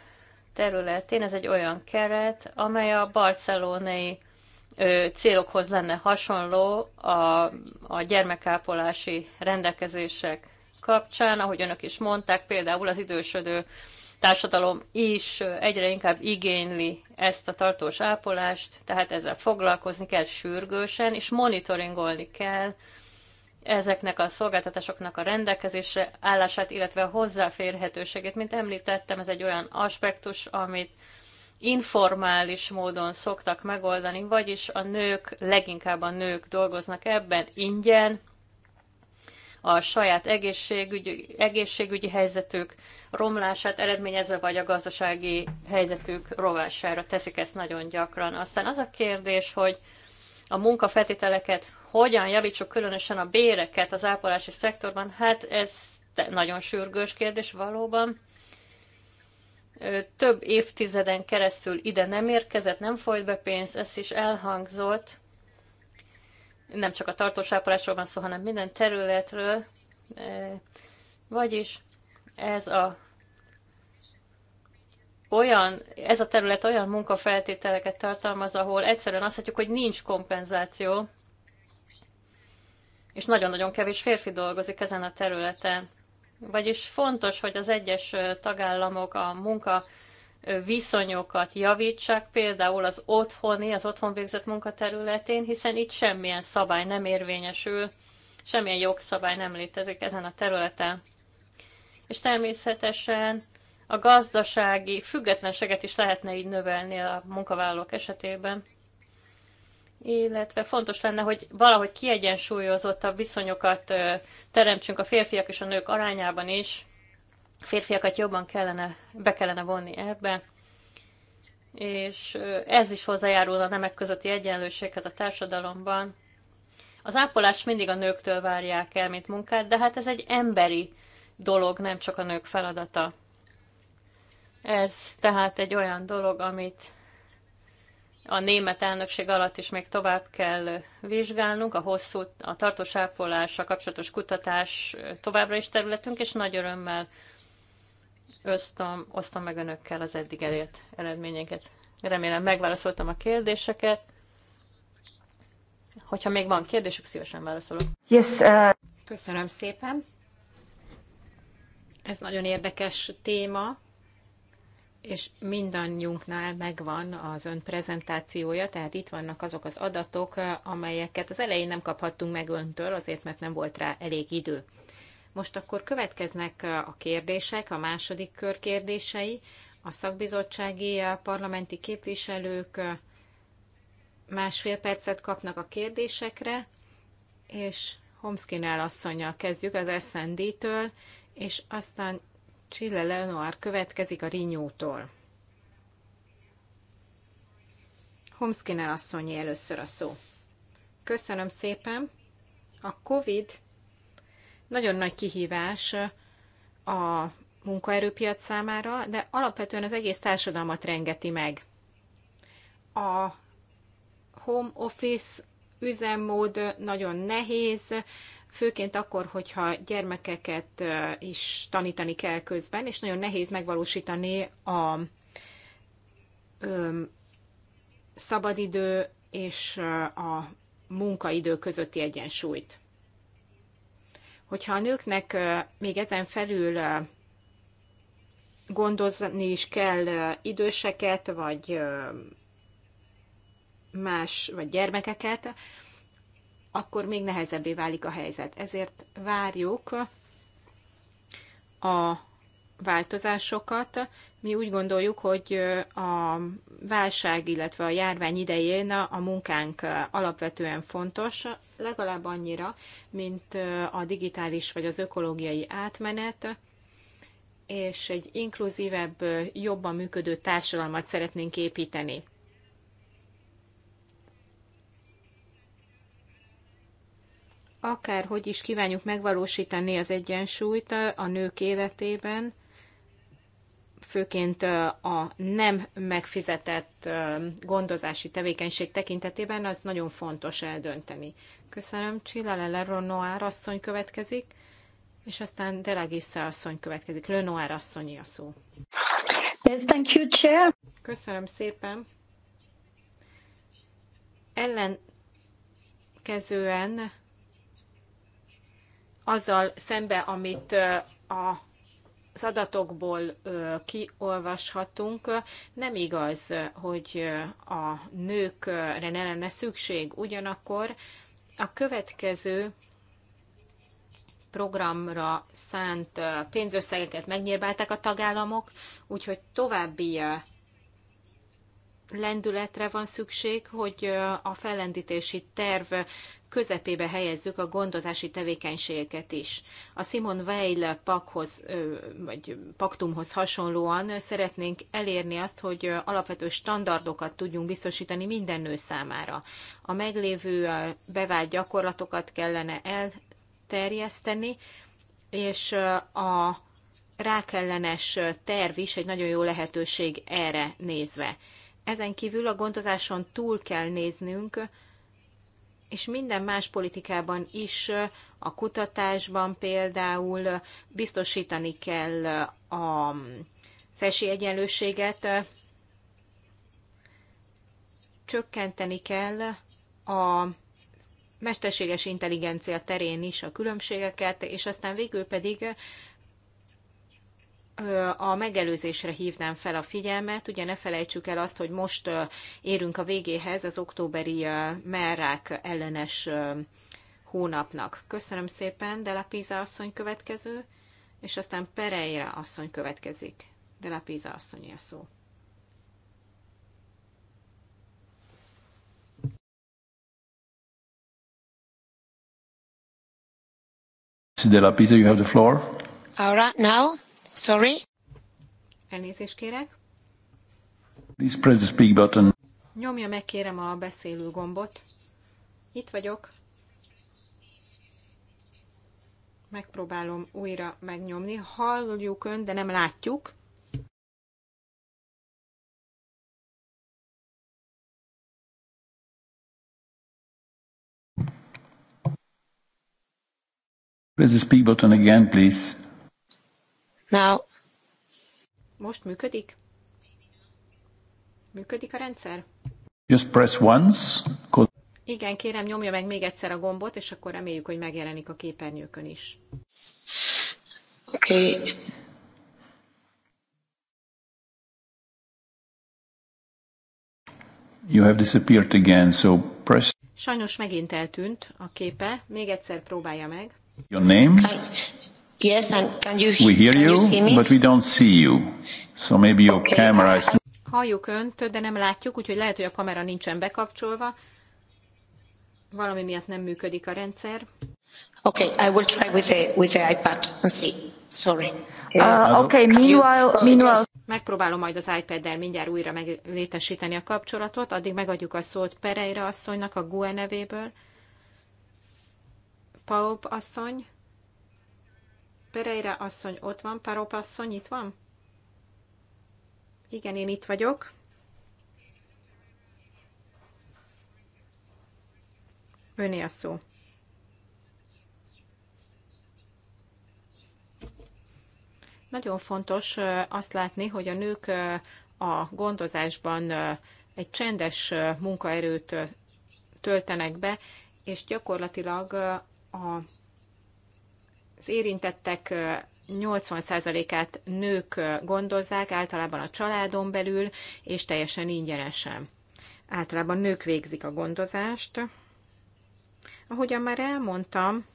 területén. Ez egy olyan keret, amely a barcelonai célokhoz lenne hasonló a, a gyermekápolási rendelkezések kapcsán, ahogy önök is mondták, például az idősödő társadalom is egyre inkább igényli ezt a tartós ápolást, tehát ezzel foglalkozni kell sürgősen, és monitoringolni kell ezeknek a szolgáltatásoknak a rendelkezésre állását, illetve a hozzáférhetőségét. Mint említettem, ez egy olyan aspektus, amit informális módon szoktak megoldani, vagyis a nők, leginkább a nők dolgoznak ebben ingyen, a saját egészségügyi, egészségügyi helyzetük romlását eredményezve, vagy a gazdasági helyzetük rovására teszik ezt nagyon gyakran. Aztán az a kérdés, hogy a munkafeltételeket hogyan javítsuk, különösen a béreket az ápolási szektorban, hát ez nagyon sürgős kérdés valóban több évtizeden keresztül ide nem érkezett, nem folyt be pénz, ez is elhangzott. Nem csak a tartós ápolásról van szó, hanem minden területről. Vagyis ez a olyan, ez a terület olyan munkafeltételeket tartalmaz, ahol egyszerűen azt látjuk, hogy nincs kompenzáció, és nagyon-nagyon kevés férfi dolgozik ezen a területen. Vagyis fontos, hogy az egyes tagállamok a munka viszonyokat javítsák, például az otthoni, az otthon végzett munkaterületén, hiszen itt semmilyen szabály nem érvényesül, semmilyen jogszabály nem létezik ezen a területen. És természetesen a gazdasági függetlenséget is lehetne így növelni a munkavállalók esetében illetve fontos lenne, hogy valahogy kiegyensúlyozottabb viszonyokat teremtsünk a férfiak és a nők arányában is. A férfiakat jobban kellene, be kellene vonni ebbe, és ez is hozzájárul a nemek közötti egyenlőséghez a társadalomban. Az ápolást mindig a nőktől várják el, mint munkát, de hát ez egy emberi dolog, nem csak a nők feladata. Ez tehát egy olyan dolog, amit a német elnökség alatt is még tovább kell vizsgálnunk, a hosszú, a tartós ápolással kapcsolatos kutatás továbbra is területünk, és nagy örömmel osztom, osztom meg önökkel az eddig elért eredményeket. Remélem megválaszoltam a kérdéseket. Hogyha még van kérdésük, szívesen válaszolok. Yes, uh... Köszönöm szépen. Ez nagyon érdekes téma és mindannyiunknál megvan az ön prezentációja, tehát itt vannak azok az adatok, amelyeket az elején nem kaphattunk meg öntől, azért mert nem volt rá elég idő. Most akkor következnek a kérdések, a második kör kérdései, a szakbizottsági parlamenti képviselők másfél percet kapnak a kérdésekre, és Homskinál asszonyjal kezdjük az SND-től, és aztán Csille Lenoir következik a Rinyótól. Homszkinen asszonyi először a szó. Köszönöm szépen. A COVID nagyon nagy kihívás a munkaerőpiac számára, de alapvetően az egész társadalmat rengeti meg. A home office üzemmód nagyon nehéz, főként akkor, hogyha gyermekeket is tanítani kell közben, és nagyon nehéz megvalósítani a szabadidő és a munkaidő közötti egyensúlyt. Hogyha a nőknek még ezen felül gondozni is kell időseket, vagy más, vagy gyermekeket, akkor még nehezebbé válik a helyzet. Ezért várjuk a változásokat. Mi úgy gondoljuk, hogy a válság, illetve a járvány idején a munkánk alapvetően fontos, legalább annyira, mint a digitális vagy az ökológiai átmenet, és egy inkluzívebb, jobban működő társadalmat szeretnénk építeni. akárhogy is kívánjuk megvalósítani az egyensúlyt eh, a nők életében, főként eh, a nem megfizetett eh, gondozási tevékenység tekintetében, az nagyon fontos eldönteni. Köszönöm, Csilla Lelenoir asszony következik, és aztán Delagissa asszony következik. Noir asszonyi a szó. Yes, thank you, Chair. Köszönöm szépen. Ellenkezően azzal szembe, amit a az adatokból kiolvashatunk, nem igaz, hogy a nőkre ne lenne szükség. Ugyanakkor a következő programra szánt pénzösszegeket megnyírbálták a tagállamok, úgyhogy további lendületre van szükség, hogy a fellendítési terv közepébe helyezzük a gondozási tevékenységeket is. A Simon Weil pakhoz, vagy paktumhoz hasonlóan szeretnénk elérni azt, hogy alapvető standardokat tudjunk biztosítani minden nő számára. A meglévő bevált gyakorlatokat kellene elterjeszteni, és a rákellenes terv is egy nagyon jó lehetőség erre nézve. Ezen kívül a gondozáson túl kell néznünk és minden más politikában is, a kutatásban például biztosítani kell a egyenlőséget, csökkenteni kell a mesterséges intelligencia terén is a különbségeket, és aztán végül pedig a megelőzésre hívnám fel a figyelmet, ugye ne felejtsük el azt, hogy most érünk a végéhez az októberi merrák ellenes hónapnak. Köszönöm szépen, de la Pisa asszony következő, és aztán Pereira asszony következik. De la Pisa asszony a szó. De la Pisa, you have the floor. All right, now. Sorry? Elnézést kérek. Please press the speak button. Nyomja meg kérem a beszélő gombot. Itt vagyok. Megpróbálom újra megnyomni. Halljuk ön, de nem látjuk. Press the speak button again, please. Now. Most működik? Működik a rendszer? Just press once. Go. Igen, kérem, nyomja meg még egyszer a gombot, és akkor reméljük, hogy megjelenik a képernyőkön is. Oké. Okay. You have disappeared again, so press... Sajnos megint eltűnt a képe. Még egyszer próbálja meg. Your name? Yes, and can you, we hear can you, you see me? but we don't see you. So maybe your okay. camera is... Halljuk önt, de nem látjuk, úgyhogy lehet, hogy a kamera nincsen bekapcsolva. Valami miatt nem működik a rendszer. Okay, I will try with the, with the iPad and see. Sorry. Uh, okay, meanwhile, meanwhile... Megpróbálom majd az iPad-del mindjárt újra meglétesíteni a kapcsolatot, addig megadjuk a szót Pereira asszonynak a GUE nevéből. Paup asszony. Pereira asszony ott van, Parop asszony itt van? Igen, én itt vagyok. Öné a szó. Nagyon fontos azt látni, hogy a nők a gondozásban egy csendes munkaerőt töltenek be, és gyakorlatilag a az érintettek 80%-át nők gondozzák, általában a családon belül, és teljesen ingyenesen. Általában nők végzik a gondozást. Ahogyan már elmondtam,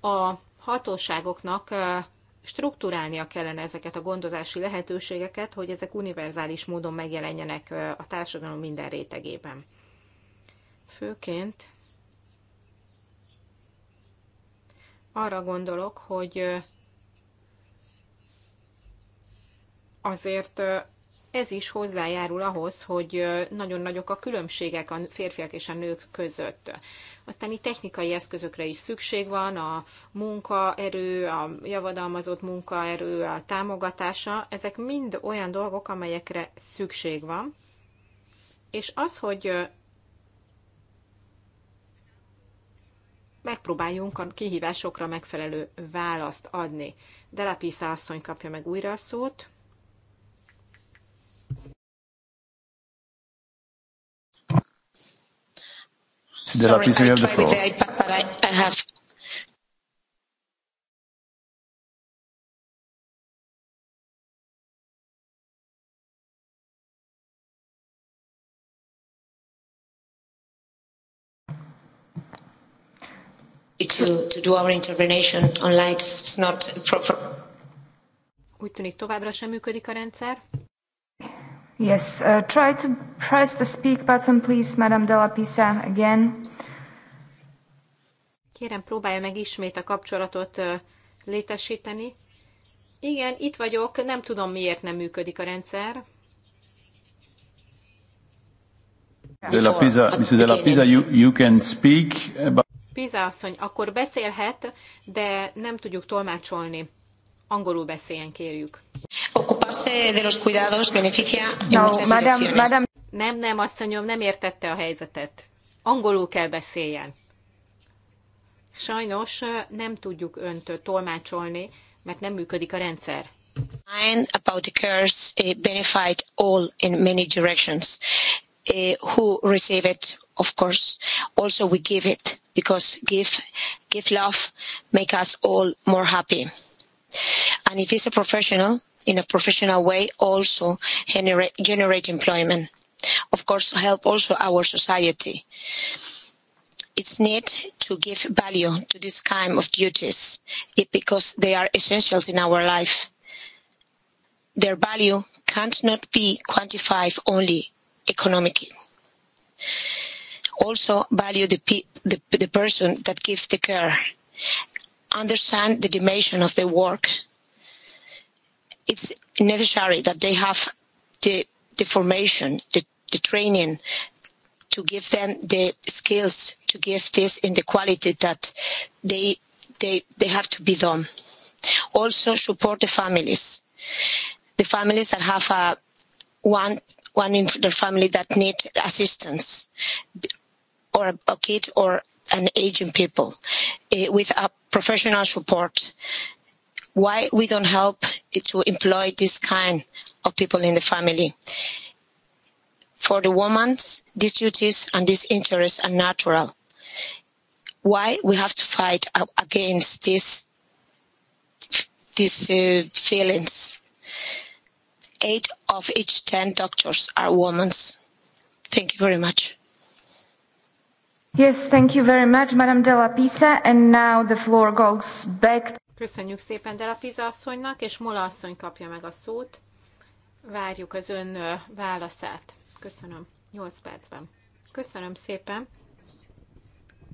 a hatóságoknak strukturálnia kellene ezeket a gondozási lehetőségeket, hogy ezek univerzális módon megjelenjenek a társadalom minden rétegében. Főként Arra gondolok, hogy azért ez is hozzájárul ahhoz, hogy nagyon nagyok a különbségek a férfiak és a nők között. Aztán itt technikai eszközökre is szükség van, a munkaerő, a javadalmazott munkaerő, a támogatása, ezek mind olyan dolgok, amelyekre szükség van. És az, hogy megpróbáljunk a kihívásokra megfelelő választ adni. Delapisza asszony kapja meg újra a szót. Sorry, I tried with the but I have to, to do our intervention online. It's not proper. Úgy tűnik továbbra sem működik a rendszer. Yes, uh, try to press the speak button, please, Madame de la Pisa, again. Kérem, próbálja meg ismét a kapcsolatot uh, létesíteni. Igen, itt vagyok, nem tudom, miért nem működik a rendszer. De la Pisa, szóval, Mrs. De la Pisa, you, you can speak, but... Píza asszony, akkor beszélhet, de nem tudjuk tolmácsolni. Angolul beszéljen, kérjük. Ocuparse de los cuidados beneficia no, madam, madam. Nem, nem, asszonyom, nem értette a helyzetet. Angolul kell beszéljen. Sajnos nem tudjuk önt tolmácsolni, mert nem működik a rendszer. Mind about the curse eh, benefit all in many directions. Eh, who receive it, of course. Also we give it because give give love make us all more happy. And if it's a professional, in a professional way, also generate, generate employment. Of course, help also our society. It's need to give value to this kind of duties it, because they are essentials in our life. Their value cannot be quantified only economically also value the, pe- the, the person that gives the care, understand the dimension of the work. It's necessary that they have the, the formation, the, the training, to give them the skills to give this in the quality that they they they have to be done. Also support the families, the families that have a one one in their family that need assistance or a kid or an aging people uh, with a professional support. Why we don't help to employ this kind of people in the family? For the woman these duties and these interests are natural. Why we have to fight against this these uh, feelings? Eight of each ten doctors are women. Thank you very much. Yes, thank you very much, Madame de Pisa, and now the floor goes back. Köszönjük szépen de Pisa asszonynak, és Mola asszony kapja meg a szót. Várjuk az ön válaszát. Köszönöm. 8 percben. Köszönöm szépen.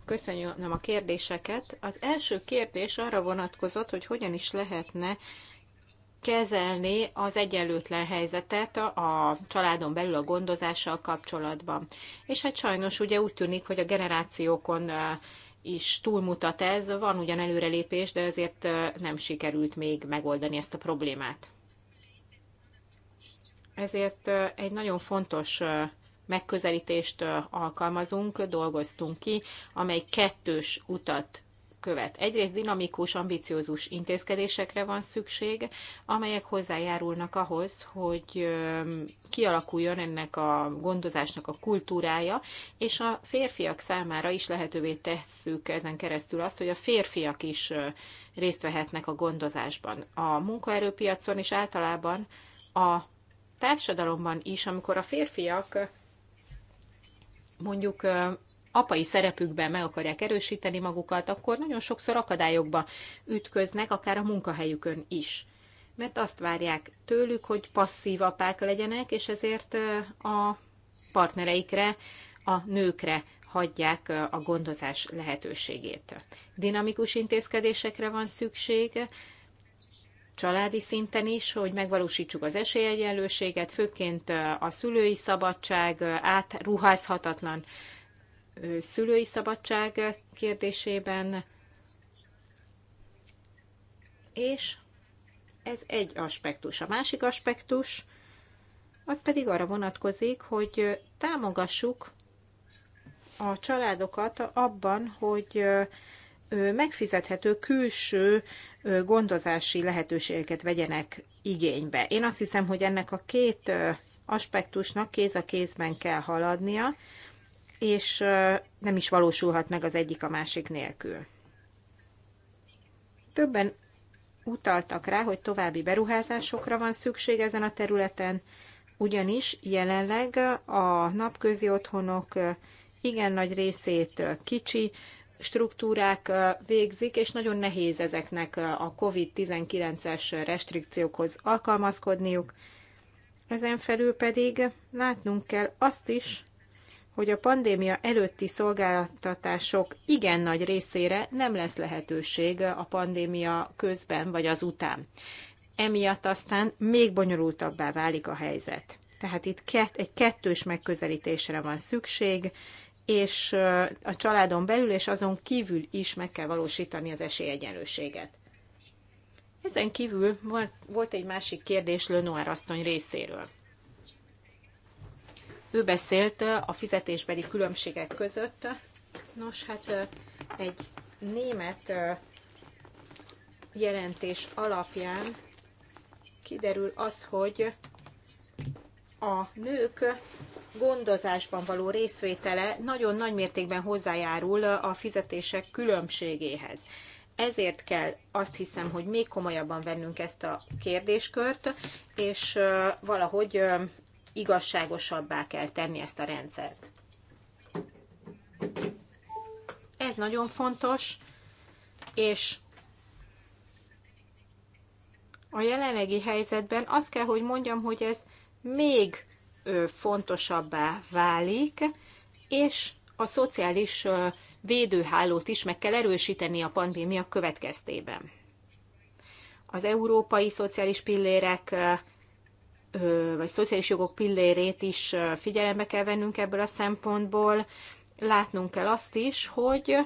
Köszönöm a kérdéseket. Az első kérdés arra vonatkozott, hogy hogyan is lehetne kezelni az egyenlőtlen helyzetet a családon belül a gondozással kapcsolatban. És hát sajnos ugye úgy tűnik, hogy a generációkon is túlmutat ez, van ugyan előrelépés, de azért nem sikerült még megoldani ezt a problémát. Ezért egy nagyon fontos megközelítést alkalmazunk, dolgoztunk ki, amely kettős utat követ. Egyrészt dinamikus, ambiciózus intézkedésekre van szükség, amelyek hozzájárulnak ahhoz, hogy kialakuljon ennek a gondozásnak a kultúrája, és a férfiak számára is lehetővé tesszük ezen keresztül azt, hogy a férfiak is részt vehetnek a gondozásban. A munkaerőpiacon is általában a társadalomban is, amikor a férfiak mondjuk apai szerepükben meg akarják erősíteni magukat, akkor nagyon sokszor akadályokba ütköznek, akár a munkahelyükön is. Mert azt várják tőlük, hogy passzív apák legyenek, és ezért a partnereikre, a nőkre hagyják a gondozás lehetőségét. Dinamikus intézkedésekre van szükség, családi szinten is, hogy megvalósítsuk az esélyegyenlőséget, főként a szülői szabadság átruházhatatlan szülői szabadság kérdésében, és ez egy aspektus. A másik aspektus az pedig arra vonatkozik, hogy támogassuk a családokat abban, hogy megfizethető külső gondozási lehetőségeket vegyenek igénybe. Én azt hiszem, hogy ennek a két aspektusnak kéz a kézben kell haladnia, és nem is valósulhat meg az egyik a másik nélkül. Többen utaltak rá, hogy további beruházásokra van szükség ezen a területen, ugyanis jelenleg a napközi otthonok igen nagy részét kicsi struktúrák végzik, és nagyon nehéz ezeknek a COVID-19-es restrikciókhoz alkalmazkodniuk. Ezen felül pedig látnunk kell azt is, hogy a pandémia előtti szolgáltatások igen nagy részére nem lesz lehetőség a pandémia közben vagy az után. Emiatt aztán még bonyolultabbá válik a helyzet. Tehát itt kett, egy kettős megközelítésre van szükség, és a családon belül és azon kívül is meg kell valósítani az esélyegyenlőséget. Ezen kívül volt egy másik kérdés Lenoir asszony részéről. Ő beszélt a fizetésbeli különbségek között. Nos, hát egy német jelentés alapján kiderül az, hogy a nők gondozásban való részvétele nagyon nagy mértékben hozzájárul a fizetések különbségéhez. Ezért kell azt hiszem, hogy még komolyabban vennünk ezt a kérdéskört, és valahogy igazságosabbá kell tenni ezt a rendszert. Ez nagyon fontos, és a jelenlegi helyzetben azt kell, hogy mondjam, hogy ez még fontosabbá válik, és a szociális védőhálót is meg kell erősíteni a pandémia következtében. Az európai szociális pillérek vagy szociális jogok pillérét is figyelembe kell vennünk ebből a szempontból. Látnunk kell azt is, hogy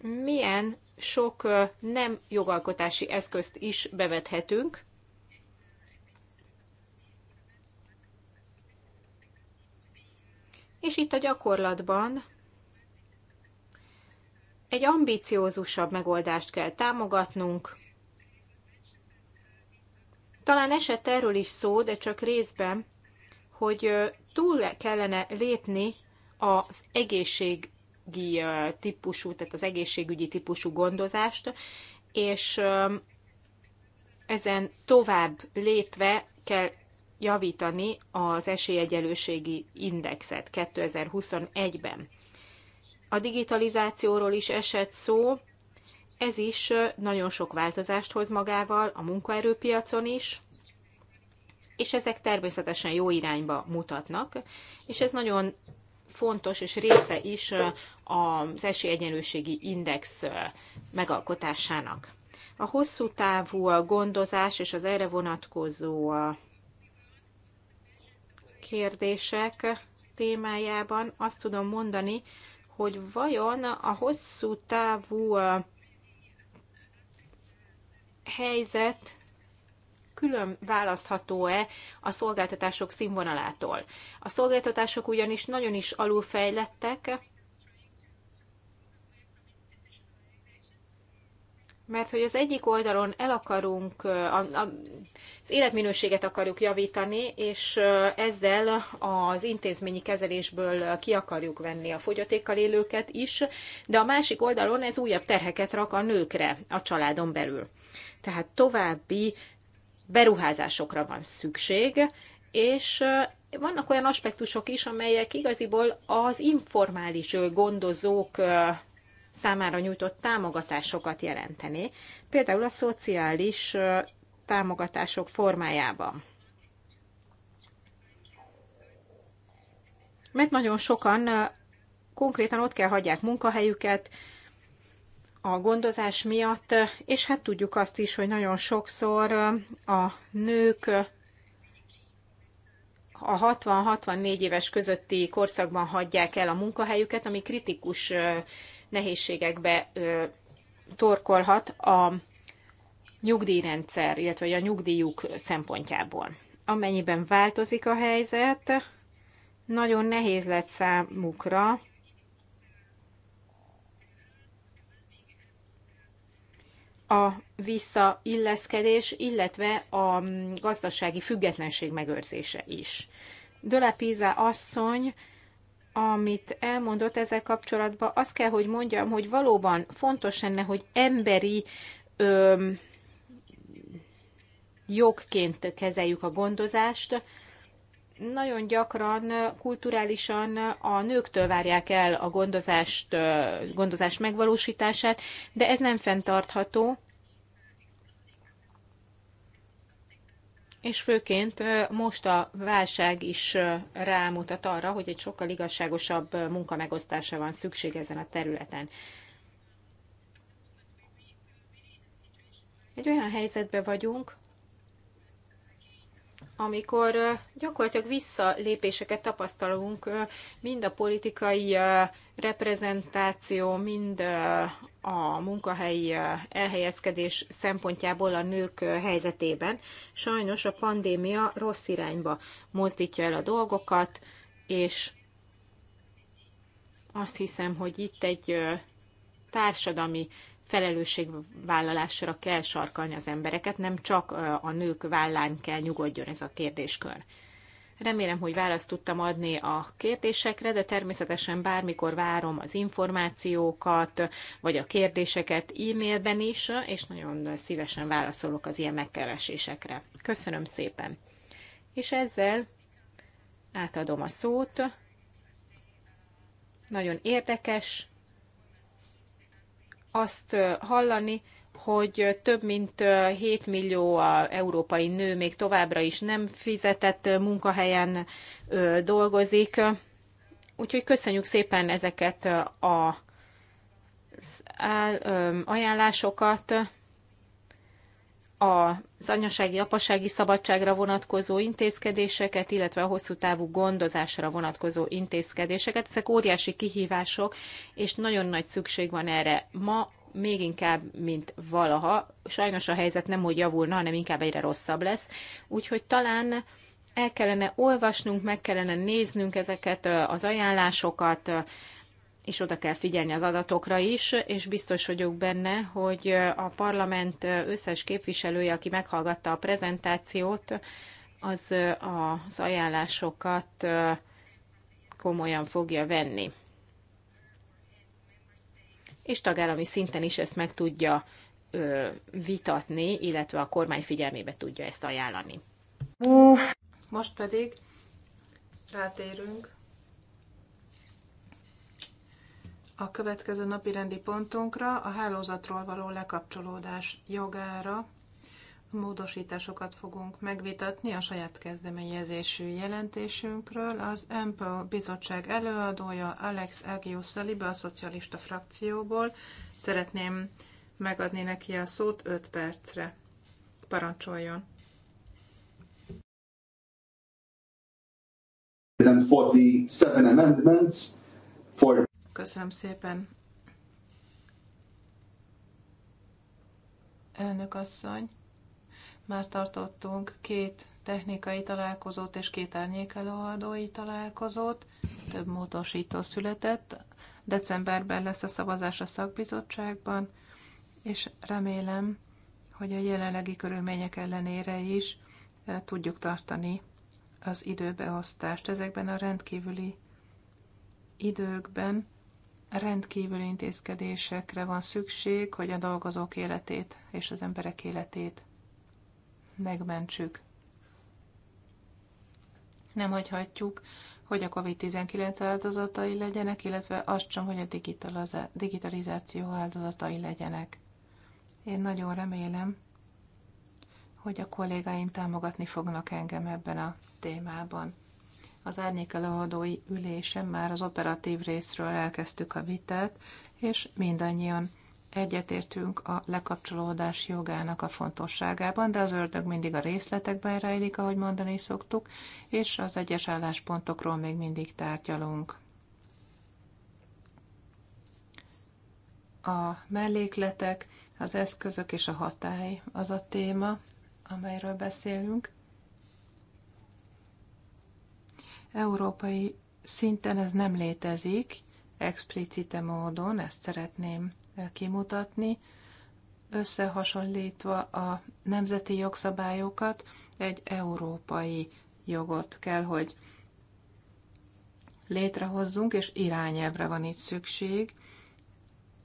milyen sok nem jogalkotási eszközt is bevethetünk, És itt a gyakorlatban egy ambíciózusabb megoldást kell támogatnunk, talán esett erről is szó, de csak részben, hogy túl kellene lépni az egészségi típusú, tehát az egészségügyi típusú gondozást, és ezen tovább lépve kell javítani az esélyegyelőségi indexet 2021-ben. A digitalizációról is esett szó, ez is nagyon sok változást hoz magával a munkaerőpiacon is, és ezek természetesen jó irányba mutatnak, és ez nagyon fontos és része is az esélyegyenlőségi index megalkotásának. A hosszú távú gondozás és az erre vonatkozó kérdések témájában azt tudom mondani, hogy vajon a hosszú távú helyzet külön választható-e a szolgáltatások színvonalától. A szolgáltatások ugyanis nagyon is alulfejlettek, Mert hogy az egyik oldalon el akarunk, a, a, az életminőséget akarjuk javítani, és ezzel az intézményi kezelésből ki akarjuk venni a fogyatékkal élőket is, de a másik oldalon ez újabb terheket rak a nőkre a családon belül. Tehát további beruházásokra van szükség, és vannak olyan aspektusok is, amelyek igaziból az informális gondozók számára nyújtott támogatásokat jelenteni, például a szociális támogatások formájában. Mert nagyon sokan konkrétan ott kell hagyják munkahelyüket a gondozás miatt, és hát tudjuk azt is, hogy nagyon sokszor a nők a 60-64 éves közötti korszakban hagyják el a munkahelyüket, ami kritikus nehézségekbe torkolhat a nyugdíjrendszer, illetve a nyugdíjuk szempontjából. Amennyiben változik a helyzet, nagyon nehéz lett számukra a visszailleszkedés, illetve a gazdasági függetlenség megőrzése is. Döle Píza asszony amit elmondott ezzel kapcsolatban, azt kell, hogy mondjam, hogy valóban fontos lenne, hogy emberi öm, jogként kezeljük a gondozást. Nagyon gyakran kulturálisan a nőktől várják el a gondozást, gondozás megvalósítását, de ez nem fenntartható, és főként most a válság is rámutat arra, hogy egy sokkal igazságosabb munka megosztása van szükség ezen a területen. Egy olyan helyzetben vagyunk, amikor gyakorlatilag visszalépéseket tapasztalunk mind a politikai reprezentáció, mind a munkahelyi elhelyezkedés szempontjából a nők helyzetében. Sajnos a pandémia rossz irányba mozdítja el a dolgokat, és azt hiszem, hogy itt egy társadalmi felelősségvállalásra kell sarkalni az embereket, nem csak a nők vállán kell nyugodjon ez a kérdéskör. Remélem, hogy választ tudtam adni a kérdésekre, de természetesen bármikor várom az információkat, vagy a kérdéseket e-mailben is, és nagyon szívesen válaszolok az ilyen megkeresésekre. Köszönöm szépen! És ezzel átadom a szót. Nagyon érdekes azt hallani, hogy több mint 7 millió európai nő még továbbra is nem fizetett munkahelyen dolgozik. Úgyhogy köszönjük szépen ezeket a ajánlásokat az anyasági, apasági szabadságra vonatkozó intézkedéseket, illetve a hosszú távú gondozásra vonatkozó intézkedéseket. Ezek óriási kihívások, és nagyon nagy szükség van erre. Ma még inkább, mint valaha. Sajnos a helyzet nem úgy javulna, hanem inkább egyre rosszabb lesz. Úgyhogy talán el kellene olvasnunk, meg kellene néznünk ezeket az ajánlásokat, és oda kell figyelni az adatokra is, és biztos vagyok benne, hogy a parlament összes képviselője, aki meghallgatta a prezentációt, az az ajánlásokat komolyan fogja venni. És tagállami szinten is ezt meg tudja vitatni, illetve a kormány figyelmébe tudja ezt ajánlani. Most pedig rátérünk a következő napi rendi pontunkra, a hálózatról való lekapcsolódás jogára módosításokat fogunk megvitatni a saját kezdeményezésű jelentésünkről. Az MPO bizottság előadója Alex Agius Szalibe a szocialista frakcióból. Szeretném megadni neki a szót 5 percre. Parancsoljon! For the seven amendments for Köszönöm szépen. Elnök asszony, már tartottunk két technikai találkozót és két árnyékelőadói találkozót, több módosító született. Decemberben lesz a szavazás a szakbizottságban, és remélem, hogy a jelenlegi körülmények ellenére is eh, tudjuk tartani az időbeosztást. Ezekben a rendkívüli időkben rendkívüli intézkedésekre van szükség, hogy a dolgozók életét és az emberek életét megmentsük. Nem hagyhatjuk, hogy a COVID-19 áldozatai legyenek, illetve azt sem, hogy a digitalizáció áldozatai legyenek. Én nagyon remélem, hogy a kollégáim támogatni fognak engem ebben a témában az előadói ülésen már az operatív részről elkezdtük a vitát, és mindannyian egyetértünk a lekapcsolódás jogának a fontosságában, de az ördög mindig a részletekben rejlik, ahogy mondani szoktuk, és az egyes álláspontokról még mindig tárgyalunk. A mellékletek, az eszközök és a hatály az a téma, amelyről beszélünk. Európai szinten ez nem létezik, explicite módon, ezt szeretném eh, kimutatni, összehasonlítva a nemzeti jogszabályokat, egy európai jogot kell, hogy létrehozzunk, és irányelvre van itt szükség,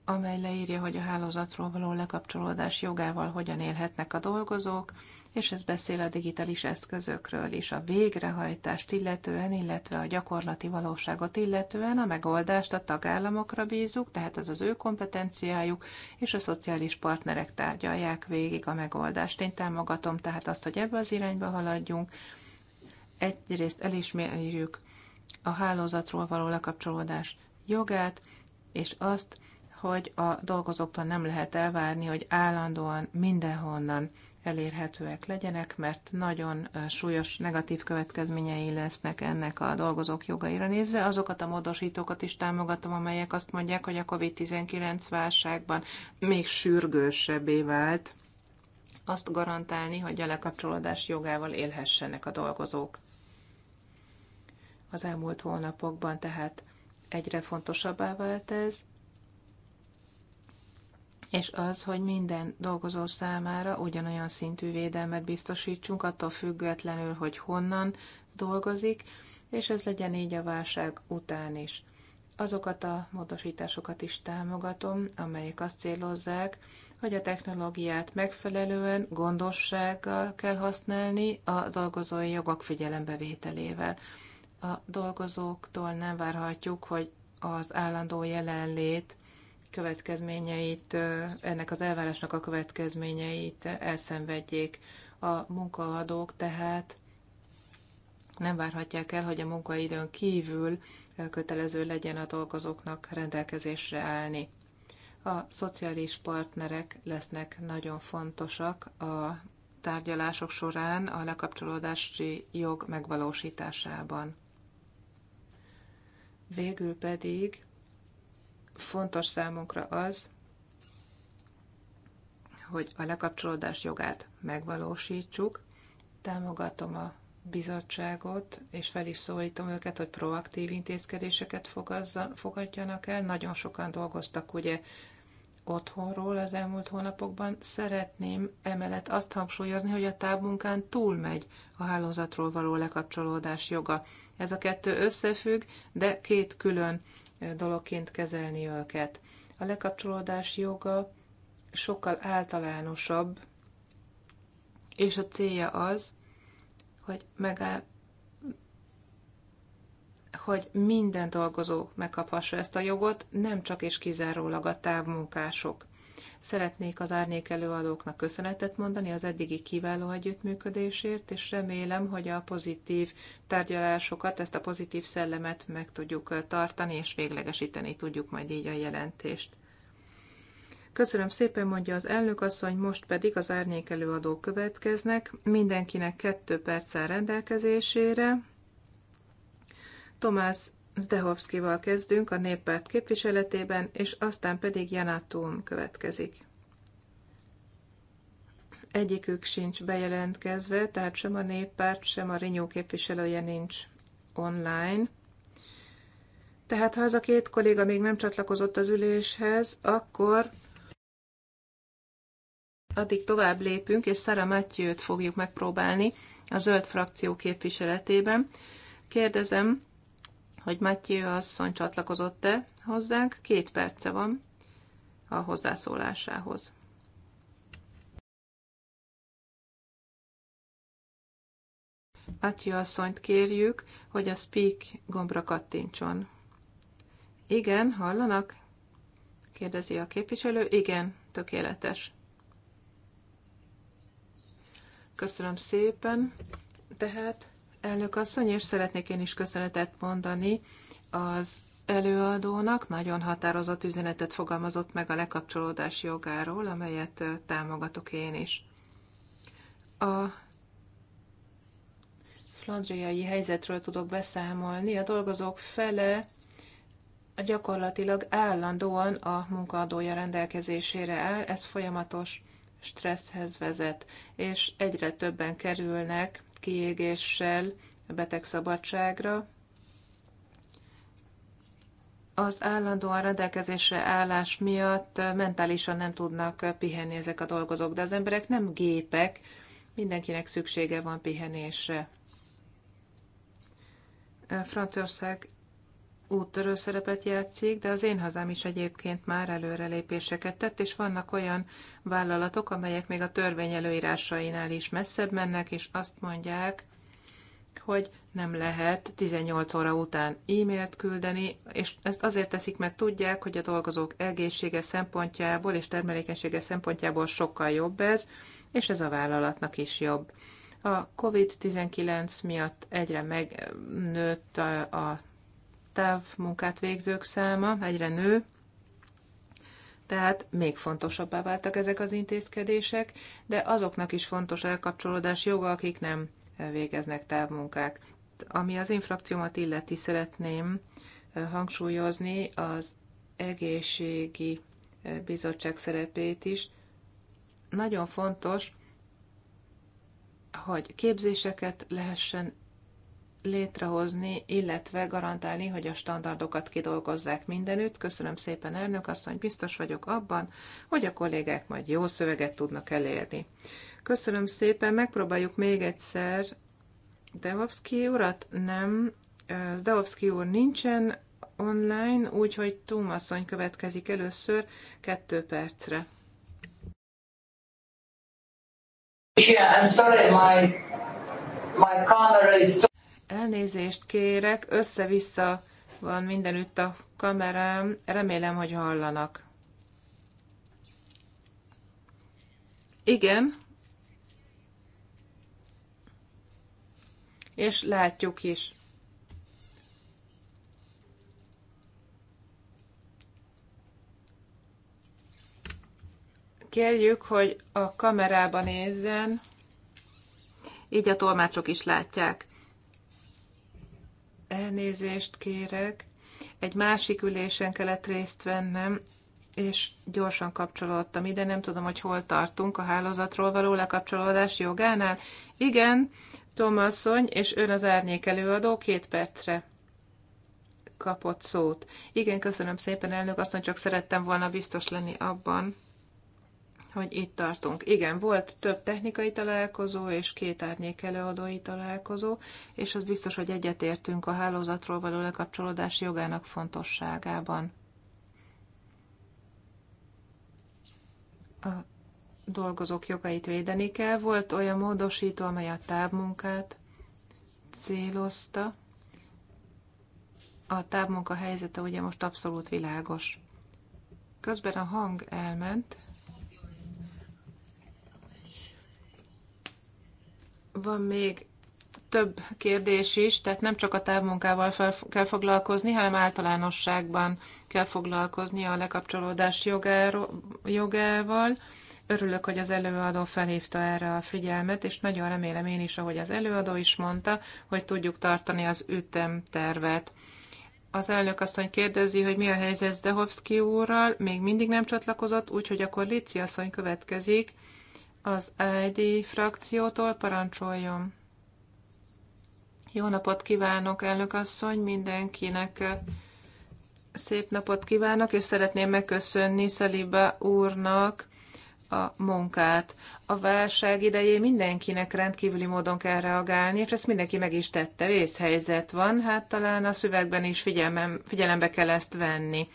amely leírja, hogy a hálózatról való lekapcsolódás jogával hogyan élhetnek a dolgozók, és ez beszél a digitális eszközökről is, a végrehajtást illetően, illetve a gyakorlati valóságot illetően a megoldást a tagállamokra bízunk, tehát az az ő kompetenciájuk, és a szociális partnerek tárgyalják végig a megoldást. Én támogatom tehát azt, hogy ebbe az irányba haladjunk. Egyrészt elismerjük a hálózatról való lekapcsolódás jogát, és azt, hogy a dolgozóktól nem lehet elvárni, hogy állandóan mindenhonnan elérhetőek legyenek, mert nagyon súlyos negatív következményei lesznek ennek a dolgozók jogaira nézve. Azokat a módosítókat is támogatom, amelyek azt mondják, hogy a COVID-19 válságban még sürgősebbé vált azt garantálni, hogy a lekapcsolódás jogával élhessenek a dolgozók. Az elmúlt hónapokban tehát egyre fontosabbá vált ez, és az, hogy minden dolgozó számára ugyanolyan szintű védelmet biztosítsunk, attól függetlenül, hogy honnan dolgozik, és ez legyen így a válság után is. Azokat a módosításokat is támogatom, amelyek azt célozzák, hogy a technológiát megfelelően, gondossággal kell használni a dolgozói jogok figyelembevételével. A dolgozóktól nem várhatjuk, hogy az állandó jelenlét következményeit, ennek az elvárásnak a következményeit elszenvedjék a munkaadók, tehát nem várhatják el, hogy a munkaidőn kívül kötelező legyen a dolgozóknak rendelkezésre állni. A szociális partnerek lesznek nagyon fontosak a tárgyalások során a lekapcsolódási jog megvalósításában. Végül pedig fontos számunkra az, hogy a lekapcsolódás jogát megvalósítsuk. Támogatom a bizottságot, és fel is szólítom őket, hogy proaktív intézkedéseket fogadjanak el. Nagyon sokan dolgoztak ugye otthonról az elmúlt hónapokban. Szeretném emellett azt hangsúlyozni, hogy a távmunkán túlmegy a hálózatról való lekapcsolódás joga. Ez a kettő összefügg, de két külön dologként kezelni őket. A lekapcsolódás joga sokkal általánosabb, és a célja az, hogy megáll, hogy minden dolgozó megkaphassa ezt a jogot, nem csak és kizárólag a távmunkások. Szeretnék az árnyék előadóknak köszönetet mondani az eddigi kiváló együttműködésért, és remélem, hogy a pozitív tárgyalásokat, ezt a pozitív szellemet meg tudjuk tartani, és véglegesíteni tudjuk majd így a jelentést. Köszönöm szépen, mondja az elnök asszony, most pedig az árnyék előadók következnek, mindenkinek kettő perccel rendelkezésére. Tomás Zdehovszkival kezdünk a néppárt képviseletében, és aztán pedig Janátum következik. Egyikük sincs bejelentkezve, tehát sem a néppárt, sem a Rinyó képviselője nincs online. Tehát ha ez a két kolléga még nem csatlakozott az üléshez, akkor addig tovább lépünk, és Szara matthew fogjuk megpróbálni a zöld frakció képviseletében. Kérdezem, hogy Matyi asszony csatlakozott-e hozzánk. Két perce van a hozzászólásához. Matyi asszonyt kérjük, hogy a speak gombra kattintson. Igen, hallanak? kérdezi a képviselő. Igen, tökéletes. Köszönöm szépen. Tehát Elnök asszony, és szeretnék én is köszönetet mondani az előadónak nagyon határozott üzenetet fogalmazott meg a lekapcsolódás jogáról, amelyet támogatok én is. A flandriai helyzetről tudok beszámolni. A dolgozók fele gyakorlatilag állandóan a munkaadója rendelkezésére áll, ez folyamatos stresszhez vezet, és egyre többen kerülnek kiégéssel, betegszabadságra. Az állandóan rendelkezésre állás miatt mentálisan nem tudnak pihenni ezek a dolgozók, de az emberek nem gépek, mindenkinek szüksége van pihenésre. Franciaország úttörő szerepet játszik, de az én hazám is egyébként már előrelépéseket tett, és vannak olyan vállalatok, amelyek még a törvény előírásainál is messzebb mennek, és azt mondják, hogy nem lehet 18 óra után e-mailt küldeni, és ezt azért teszik, mert tudják, hogy a dolgozók egészsége szempontjából és termelékenysége szempontjából sokkal jobb ez, és ez a vállalatnak is jobb. A COVID-19 miatt egyre megnőtt a, a táv munkát végzők száma egyre nő, tehát még fontosabbá váltak ezek az intézkedések, de azoknak is fontos elkapcsolódás joga, akik nem végeznek távmunkák. Ami az infrakciómat illeti, szeretném hangsúlyozni az egészségi bizottság szerepét is. Nagyon fontos, hogy képzéseket lehessen létrehozni, illetve garantálni, hogy a standardokat kidolgozzák mindenütt. Köszönöm szépen, elnök asszony, biztos vagyok abban, hogy a kollégák majd jó szöveget tudnak elérni. Köszönöm szépen, megpróbáljuk még egyszer Dehovszki urat? Nem, Zdehovszki úr nincsen online, úgyhogy Tumasszony következik először kettő percre. Yeah, I'm sorry, my, my camera is... Elnézést kérek, össze-vissza van mindenütt a kamerám, remélem, hogy hallanak. Igen. És látjuk is. Kérjük, hogy a kamerába nézzen, így a tolmácsok is látják elnézést kérek. Egy másik ülésen kellett részt vennem, és gyorsan kapcsolódtam ide, nem tudom, hogy hol tartunk a hálózatról való lekapcsolódás jogánál. Igen, Tomasszony, és ön az árnyék előadó két percre kapott szót. Igen, köszönöm szépen, elnök, azt csak szerettem volna biztos lenni abban, hogy itt tartunk. Igen, volt több technikai találkozó és két árnyék előadói találkozó, és az biztos, hogy egyetértünk a hálózatról való lekapcsolódás jogának fontosságában. A dolgozók jogait védeni kell. Volt olyan módosító, amely a távmunkát célozta. A távmunka helyzete ugye most abszolút világos. Közben a hang elment, van még több kérdés is, tehát nem csak a távmunkával fel, kell foglalkozni, hanem általánosságban kell foglalkozni a lekapcsolódás jogáról, jogával. Örülök, hogy az előadó felhívta erre a figyelmet, és nagyon remélem én is, ahogy az előadó is mondta, hogy tudjuk tartani az ütemtervet. Az elnök asszony kérdezi, hogy mi a helyzet Zdehovszki úrral, még mindig nem csatlakozott, úgyhogy akkor Lici asszony következik az ID frakciótól parancsoljon. Jó napot kívánok, elnök asszony, mindenkinek szép napot kívánok, és szeretném megköszönni Szeliba úrnak a munkát. A válság idején mindenkinek rendkívüli módon kell reagálni, és ezt mindenki meg is tette. Vészhelyzet van, hát talán a szövegben is figyelmem, figyelembe kell ezt venni.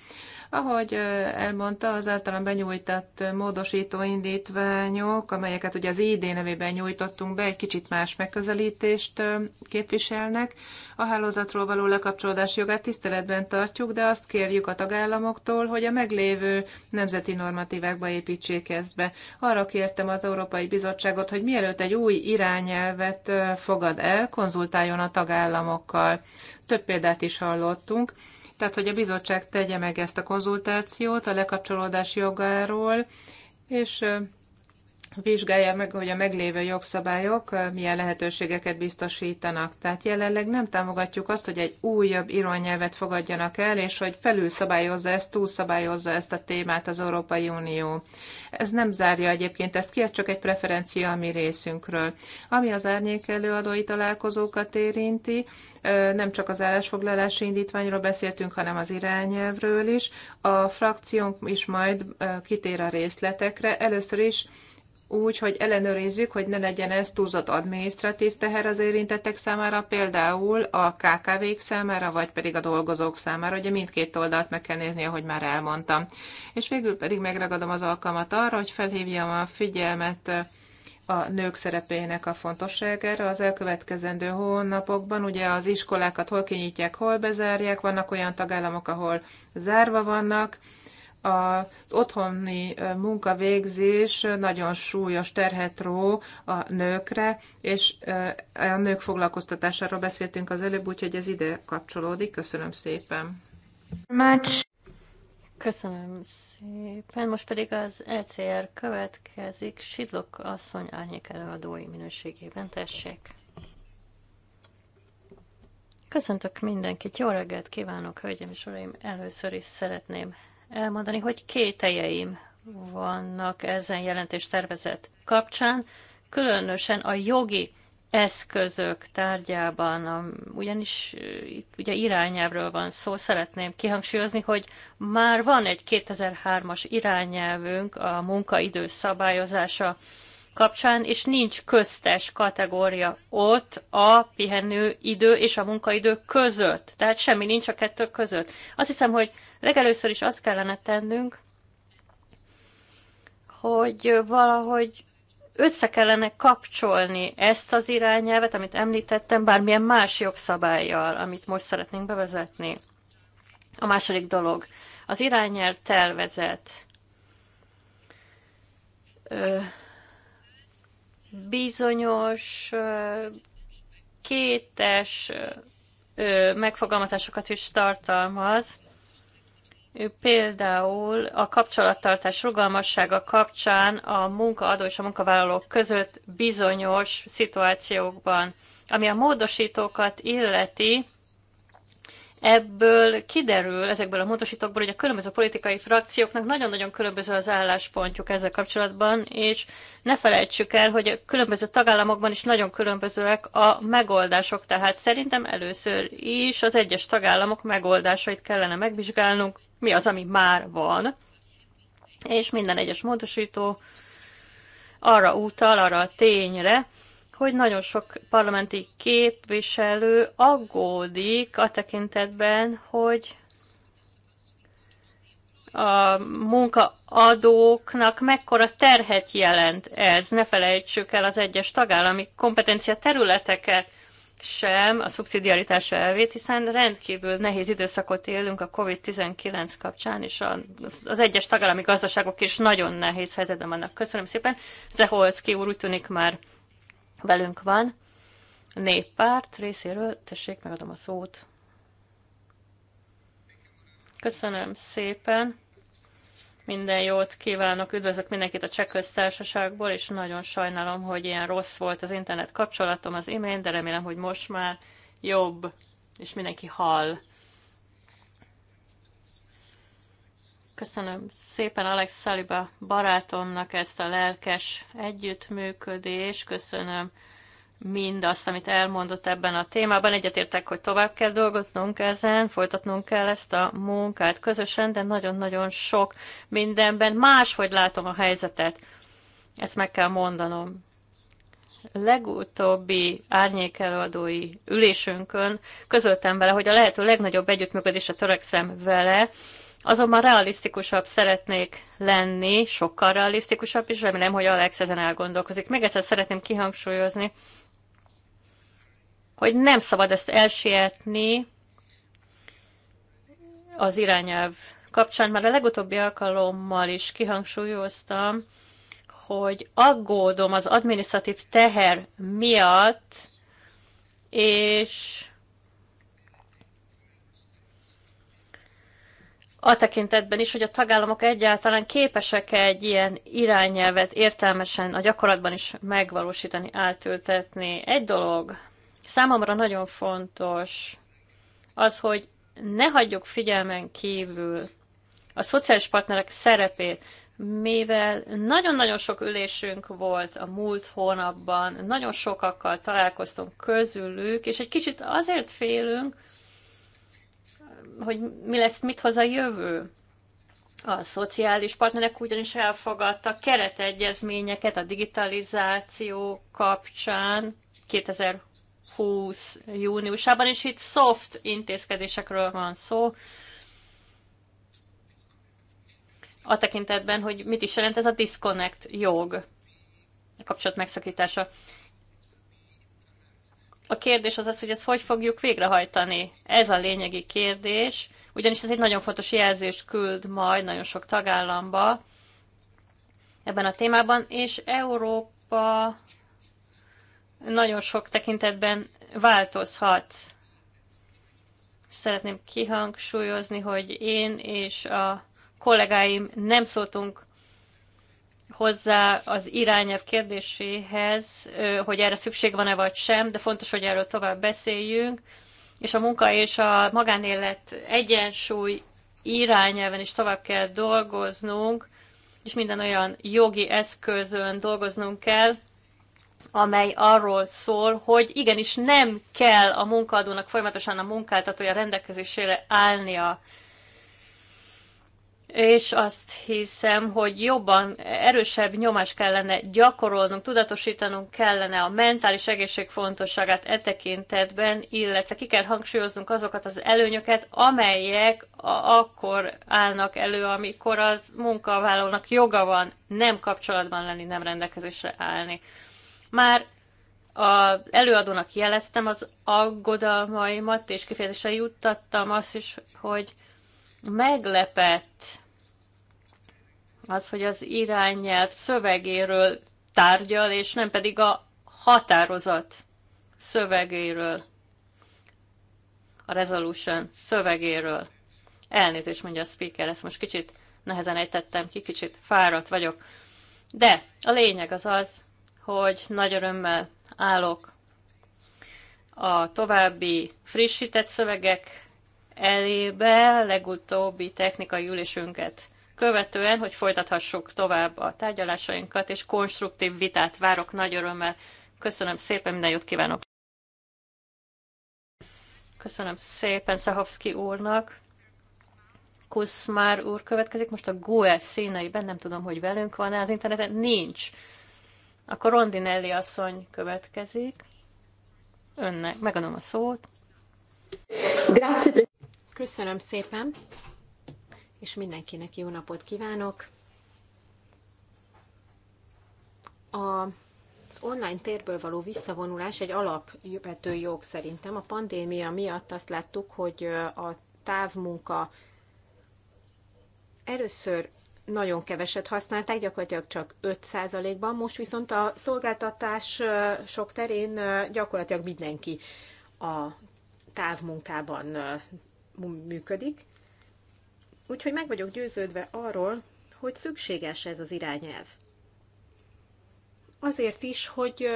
Ahogy elmondta, az általán benyújtott módosító indítványok, amelyeket ugye az ID nevében nyújtottunk be, egy kicsit más megközelítést képviselnek. A hálózatról való lekapcsolódás jogát tiszteletben tartjuk, de azt kérjük a tagállamoktól, hogy a meglévő nemzeti normatívákba építsék ezt be. Arra kértem az Európai Bizottságot, hogy mielőtt egy új irányelvet fogad el, konzultáljon a tagállamokkal. Több példát is hallottunk tehát hogy a bizottság tegye meg ezt a konzultációt a lekapcsolódás jogáról, és vizsgálja meg, hogy a meglévő jogszabályok milyen lehetőségeket biztosítanak. Tehát jelenleg nem támogatjuk azt, hogy egy újabb irányelvet fogadjanak el, és hogy felülszabályozza ezt, túlszabályozza ezt a témát az Európai Unió. Ez nem zárja egyébként ezt ki, ez csak egy preferencia a mi részünkről. Ami az árnyék előadói találkozókat érinti, nem csak az állásfoglalási indítványról beszéltünk, hanem az irányelvről is. A frakciónk is majd kitér a részletekre. Először is úgy, hogy ellenőrizzük, hogy ne legyen ez túlzott adminisztratív teher az érintettek számára, például a KKV-k számára, vagy pedig a dolgozók számára. Ugye mindkét oldalt meg kell nézni, ahogy már elmondtam. És végül pedig megragadom az alkalmat arra, hogy felhívjam a figyelmet a nők szerepének a fontosságára az elkövetkezendő hónapokban. Ugye az iskolákat hol kinyitják, hol bezárják, vannak olyan tagállamok, ahol zárva vannak, az otthoni munkavégzés nagyon súlyos terhet ró a nőkre, és a nők foglalkoztatásáról beszéltünk az előbb, úgyhogy ez ide kapcsolódik. Köszönöm szépen. Much. Köszönöm szépen. Most pedig az ECR következik. Sidlok asszony árnyék előadói minőségében. Tessék. Köszöntök mindenkit, jó reggelt kívánok, hölgyeim és uraim! Először is szeretném elmondani, hogy kételjeim vannak ezen jelentés tervezet kapcsán, különösen a jogi eszközök tárgyában, a, ugyanis itt ugye irányelvről van szó, szeretném kihangsúlyozni, hogy már van egy 2003-as irányelvünk a munkaidő szabályozása kapcsán, és nincs köztes kategória ott a pihenő idő és a munkaidő között. Tehát semmi nincs a kettő között. Azt hiszem, hogy legelőször is azt kellene tennünk, hogy valahogy össze kellene kapcsolni ezt az irányelvet, amit említettem, bármilyen más jogszabályjal, amit most szeretnénk bevezetni. A második dolog, az irányelv tervezet bizonyos kétes megfogalmazásokat is tartalmaz. Például a kapcsolattartás rugalmassága kapcsán a munkaadó és a munkavállalók között bizonyos szituációkban. Ami a módosítókat illeti, ebből kiderül, ezekből a módosítókból, hogy a különböző politikai frakcióknak nagyon-nagyon különböző az álláspontjuk ezzel kapcsolatban, és ne felejtsük el, hogy a különböző tagállamokban is nagyon különbözőek a megoldások, tehát szerintem először is az egyes tagállamok megoldásait kellene megvizsgálnunk, mi az, ami már van, és minden egyes módosító arra utal, arra a tényre, hogy nagyon sok parlamenti képviselő aggódik a tekintetben, hogy a munkaadóknak mekkora terhet jelent ez. Ne felejtsük el az egyes tagállami kompetencia területeket sem, a szubszidiaritás elvét, hiszen rendkívül nehéz időszakot élünk a COVID-19 kapcsán, és az egyes tagállami gazdaságok is nagyon nehéz helyzetben vannak. Köszönöm szépen. Zeholszki úr úgy tűnik már velünk van. néppárt részéről, tessék, megadom a szót. Köszönöm szépen. Minden jót kívánok, üdvözlök mindenkit a Cseh Köztársaságból, és nagyon sajnálom, hogy ilyen rossz volt az internet kapcsolatom az imént, de remélem, hogy most már jobb, és mindenki hall. Köszönöm szépen Alex Saliba barátomnak ezt a lelkes együttműködést, köszönöm mindazt, amit elmondott ebben a témában. Egyetértek, hogy tovább kell dolgoznunk ezen, folytatnunk kell ezt a munkát közösen, de nagyon-nagyon sok mindenben máshogy látom a helyzetet. Ezt meg kell mondanom. Legutóbbi árnyékelőadói ülésünkön közöltem vele, hogy a lehető legnagyobb együttműködésre törekszem vele, Azonban realisztikusabb szeretnék lenni, sokkal realisztikusabb, és remélem, hogy Alex ezen elgondolkozik. Még egyszer szeretném kihangsúlyozni, hogy nem szabad ezt elsietni az irányelv kapcsán. Már a legutóbbi alkalommal is kihangsúlyoztam, hogy aggódom az administratív teher miatt, és a tekintetben is, hogy a tagállamok egyáltalán képesek-e egy ilyen irányelvet értelmesen a gyakorlatban is megvalósítani, átültetni. Egy dolog számomra nagyon fontos az, hogy ne hagyjuk figyelmen kívül a szociális partnerek szerepét, mivel nagyon-nagyon sok ülésünk volt a múlt hónapban, nagyon sokakkal találkoztunk közülük, és egy kicsit azért félünk, hogy mi lesz, mit hoz a jövő. A szociális partnerek ugyanis elfogadtak keretegyezményeket a digitalizáció kapcsán 2020. júniusában, és itt soft intézkedésekről van szó, a tekintetben, hogy mit is jelent ez a disconnect jog, a kapcsolat megszakítása. A kérdés az az, hogy ezt hogy fogjuk végrehajtani. Ez a lényegi kérdés, ugyanis ez egy nagyon fontos jelzést küld majd nagyon sok tagállamba ebben a témában, és Európa nagyon sok tekintetben változhat. Szeretném kihangsúlyozni, hogy én és a kollégáim nem szóltunk hozzá az irányelv kérdéséhez, hogy erre szükség van-e vagy sem, de fontos, hogy erről tovább beszéljünk, és a munka és a magánélet egyensúly irányelven is tovább kell dolgoznunk, és minden olyan jogi eszközön dolgoznunk kell, amely arról szól, hogy igenis nem kell a munkaadónak folyamatosan a munkáltatója rendelkezésére állnia és azt hiszem, hogy jobban, erősebb nyomást kellene gyakorolnunk, tudatosítanunk kellene a mentális egészség fontosságát e tekintetben, illetve ki kell hangsúlyoznunk azokat az előnyöket, amelyek akkor állnak elő, amikor az munkavállalónak joga van nem kapcsolatban lenni, nem rendelkezésre állni. Már a előadónak jeleztem az aggodalmaimat, és kifejezésre juttattam azt is, hogy meglepett az, hogy az irányelv szövegéről tárgyal, és nem pedig a határozat szövegéről, a resolution szövegéről. Elnézést mondja a speaker, ezt most kicsit nehezen ejtettem ki, kicsit fáradt vagyok. De a lényeg az az, hogy nagy örömmel állok a további frissített szövegek elébe legutóbbi technikai ülésünket követően, hogy folytathassuk tovább a tárgyalásainkat, és konstruktív vitát várok nagy örömmel. Köszönöm szépen, minden jót kívánok! Köszönöm szépen Szahovszki úrnak. Kuszmár úr következik, most a GUE színeiben, nem tudom, hogy velünk van-e az interneten, nincs. Akkor Rondinelli asszony következik. Önnek megadom a szót. Grazie. Köszönöm szépen, és mindenkinek jó napot kívánok. A az online térből való visszavonulás egy alapvető jog szerintem. A pandémia miatt azt láttuk, hogy a távmunka először nagyon keveset használták, gyakorlatilag csak 5%-ban, most viszont a szolgáltatás sok terén gyakorlatilag mindenki a távmunkában működik. Úgyhogy meg vagyok győződve arról, hogy szükséges ez az irányelv. Azért is, hogy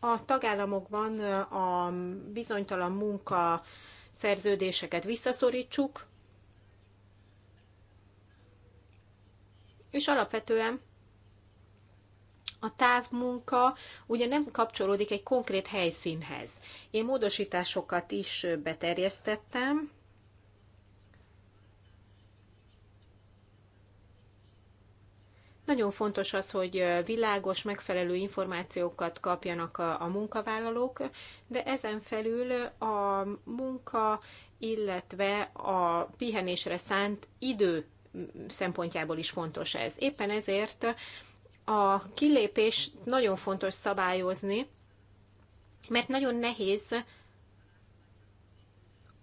a tagállamokban a bizonytalan munka szerződéseket visszaszorítsuk, és alapvetően a távmunka ugye nem kapcsolódik egy konkrét helyszínhez. Én módosításokat is beterjesztettem, Nagyon fontos az, hogy világos, megfelelő információkat kapjanak a munkavállalók, de ezen felül a munka, illetve a pihenésre szánt idő szempontjából is fontos ez. Éppen ezért a kilépés nagyon fontos szabályozni, mert nagyon nehéz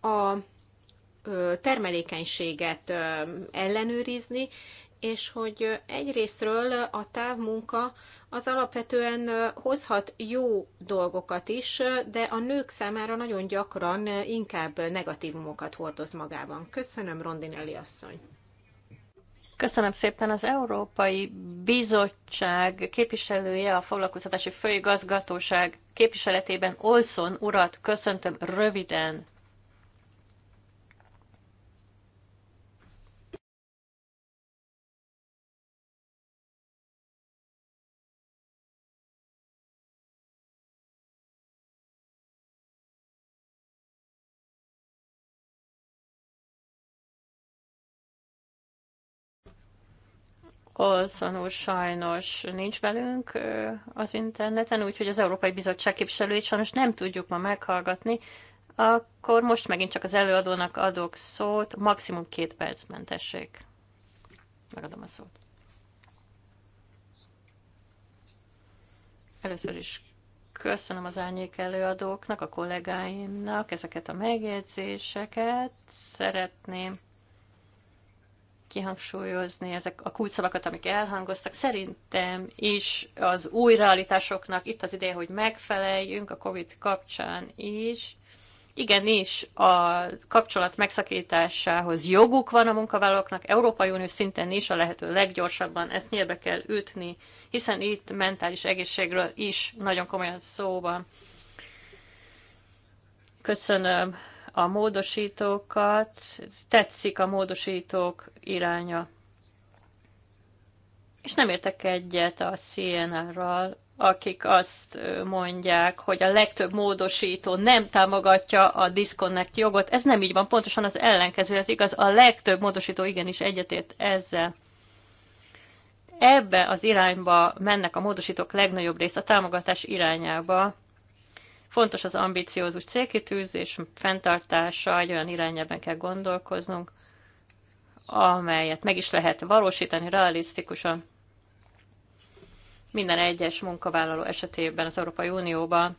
a termelékenységet ellenőrizni, és hogy egyrésztről a távmunka az alapvetően hozhat jó dolgokat is, de a nők számára nagyon gyakran inkább negatívumokat hordoz magában. Köszönöm, Rondinelli asszony. Köszönöm szépen. Az Európai Bizottság képviselője, a Foglalkoztatási Főigazgatóság képviseletében Olson urat köszöntöm röviden Olszon úr sajnos nincs velünk az interneten, úgyhogy az Európai Bizottság képviselőit sajnos nem tudjuk ma meghallgatni, akkor most megint csak az előadónak adok szót, maximum két perc mentessék. Megadom a szót. Először is köszönöm az árnyék előadóknak, a kollégáimnak ezeket a megjegyzéseket. Szeretném kihangsúlyozni ezek a kulcsszavakat, amik elhangoztak. Szerintem is az új realitásoknak itt az ideje, hogy megfeleljünk a COVID kapcsán is. Igenis, a kapcsolat megszakításához joguk van a munkavállalóknak, Európai Unió szinten is a lehető leggyorsabban ezt nyílbe kell ütni, hiszen itt mentális egészségről is nagyon komolyan szó van. Köszönöm a módosítókat, tetszik a módosítók iránya. És nem értek egyet a CNR-ral, akik azt mondják, hogy a legtöbb módosító nem támogatja a disconnect jogot. Ez nem így van, pontosan az ellenkező, ez igaz, a legtöbb módosító igenis egyetért ezzel. Ebbe az irányba mennek a módosítók legnagyobb része a támogatás irányába. Fontos az ambiciózus célkitűzés fenntartása, egy olyan irányában kell gondolkoznunk, amelyet meg is lehet valósítani realisztikusan. Minden egyes munkavállaló esetében az Európai Unióban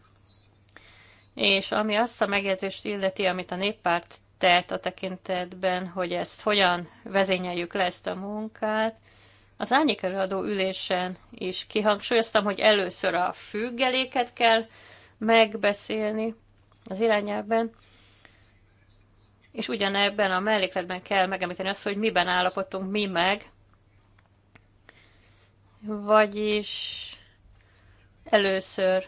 és ami azt a megjegyzést illeti, amit a néppárt tett a tekintetben, hogy ezt hogyan vezényeljük le ezt a munkát, az árnyékelőadó ülésen is kihangsúlyoztam, hogy először a függeléket kell megbeszélni az irányelvben, és ugyanebben a mellékletben kell megemlíteni azt, hogy miben állapodtunk mi meg, vagyis először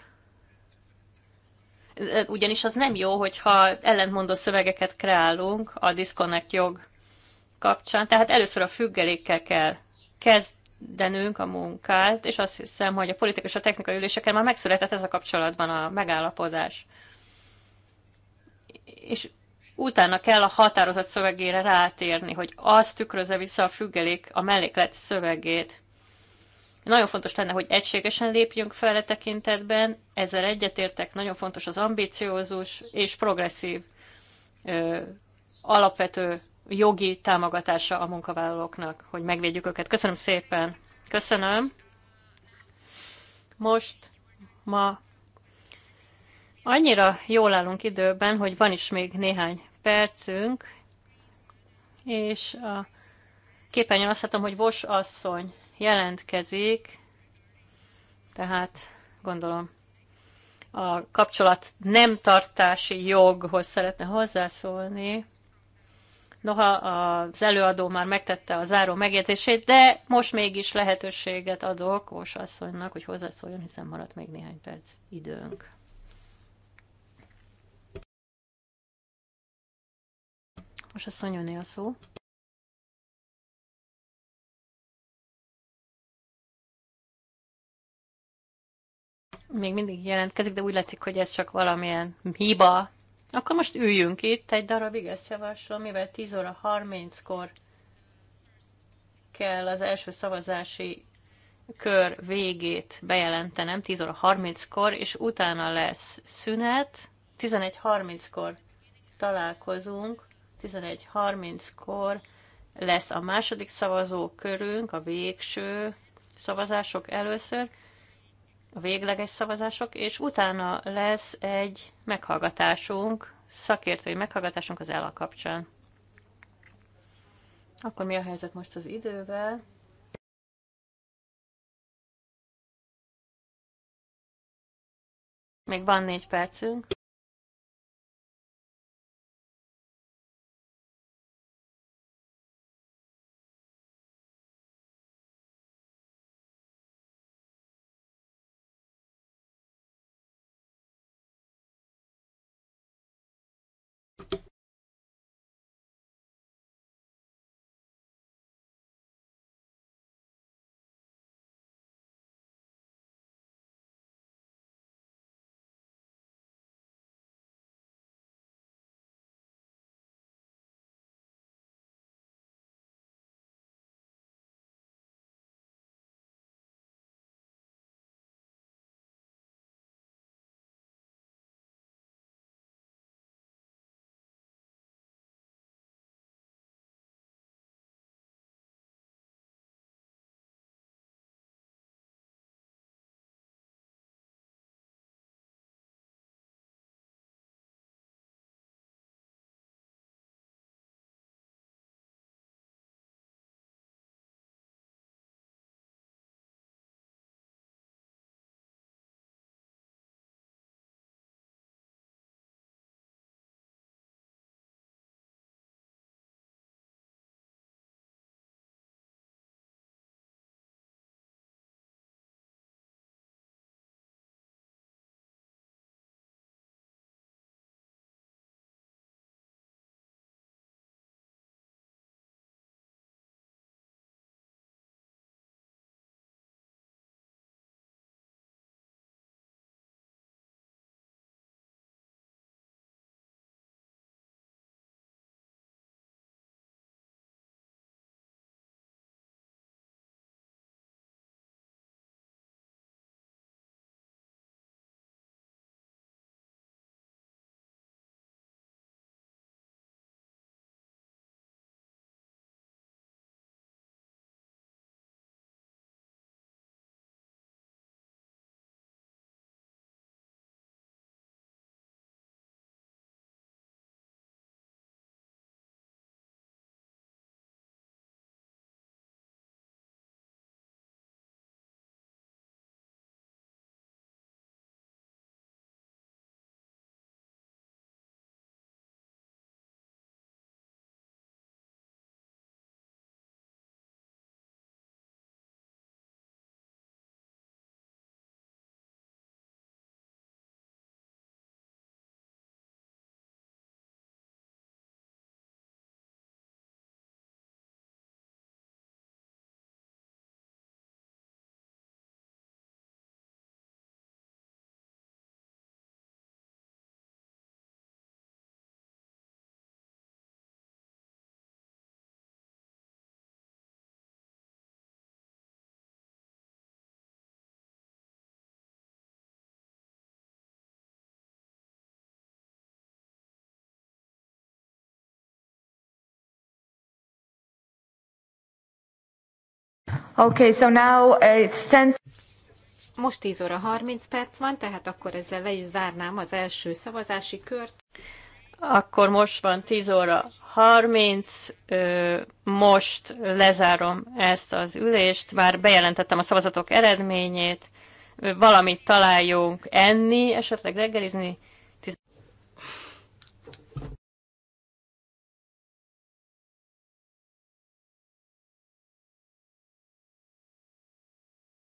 ugyanis az nem jó, hogyha ellentmondó szövegeket kreálunk a disconnect jog kapcsán. Tehát először a függelékkel kell kezd, kezdenünk a munkát, és azt hiszem, hogy a politikus a technikai üléseken már megszületett ez a kapcsolatban a megállapodás. És utána kell a határozat szövegére rátérni, hogy az tükrözze vissza a függelék, a melléklet szövegét. Nagyon fontos lenne, hogy egységesen lépjünk fel a e tekintetben, ezzel egyetértek, nagyon fontos az ambiciózus és progresszív ö, alapvető jogi támogatása a munkavállalóknak, hogy megvédjük őket. Köszönöm szépen. Köszönöm. Most ma annyira jól állunk időben, hogy van is még néhány percünk, és a képernyőn azt látom, hogy Vos asszony jelentkezik, tehát gondolom a kapcsolat nem tartási joghoz szeretne hozzászólni. Noha az előadó már megtette a záró megjegyzését, de most mégis lehetőséget adok Ós asszonynak, hogy hozzászóljon, hiszen maradt még néhány perc időnk. Most a szonyoné a szó. Még mindig jelentkezik, de úgy látszik, hogy ez csak valamilyen hiba, akkor most üljünk itt egy darabig, ezt javaslom, mivel 10 óra 30-kor kell az első szavazási kör végét bejelentenem, 10 óra 30-kor, és utána lesz szünet, 11.30-kor találkozunk, 11.30-kor lesz a második szavazó körünk, a végső szavazások először, a végleges szavazások, és utána lesz egy meghallgatásunk, szakértői meghallgatásunk az ELA kapcsán. Akkor mi a helyzet most az idővel? Még van négy percünk. Okay, so now uh, it's 10... Most 10 óra 30 perc van, tehát akkor ezzel le is zárnám az első szavazási kört. Akkor most van 10 óra 30, most lezárom ezt az ülést, már bejelentettem a szavazatok eredményét, valamit találjunk enni, esetleg reggelizni,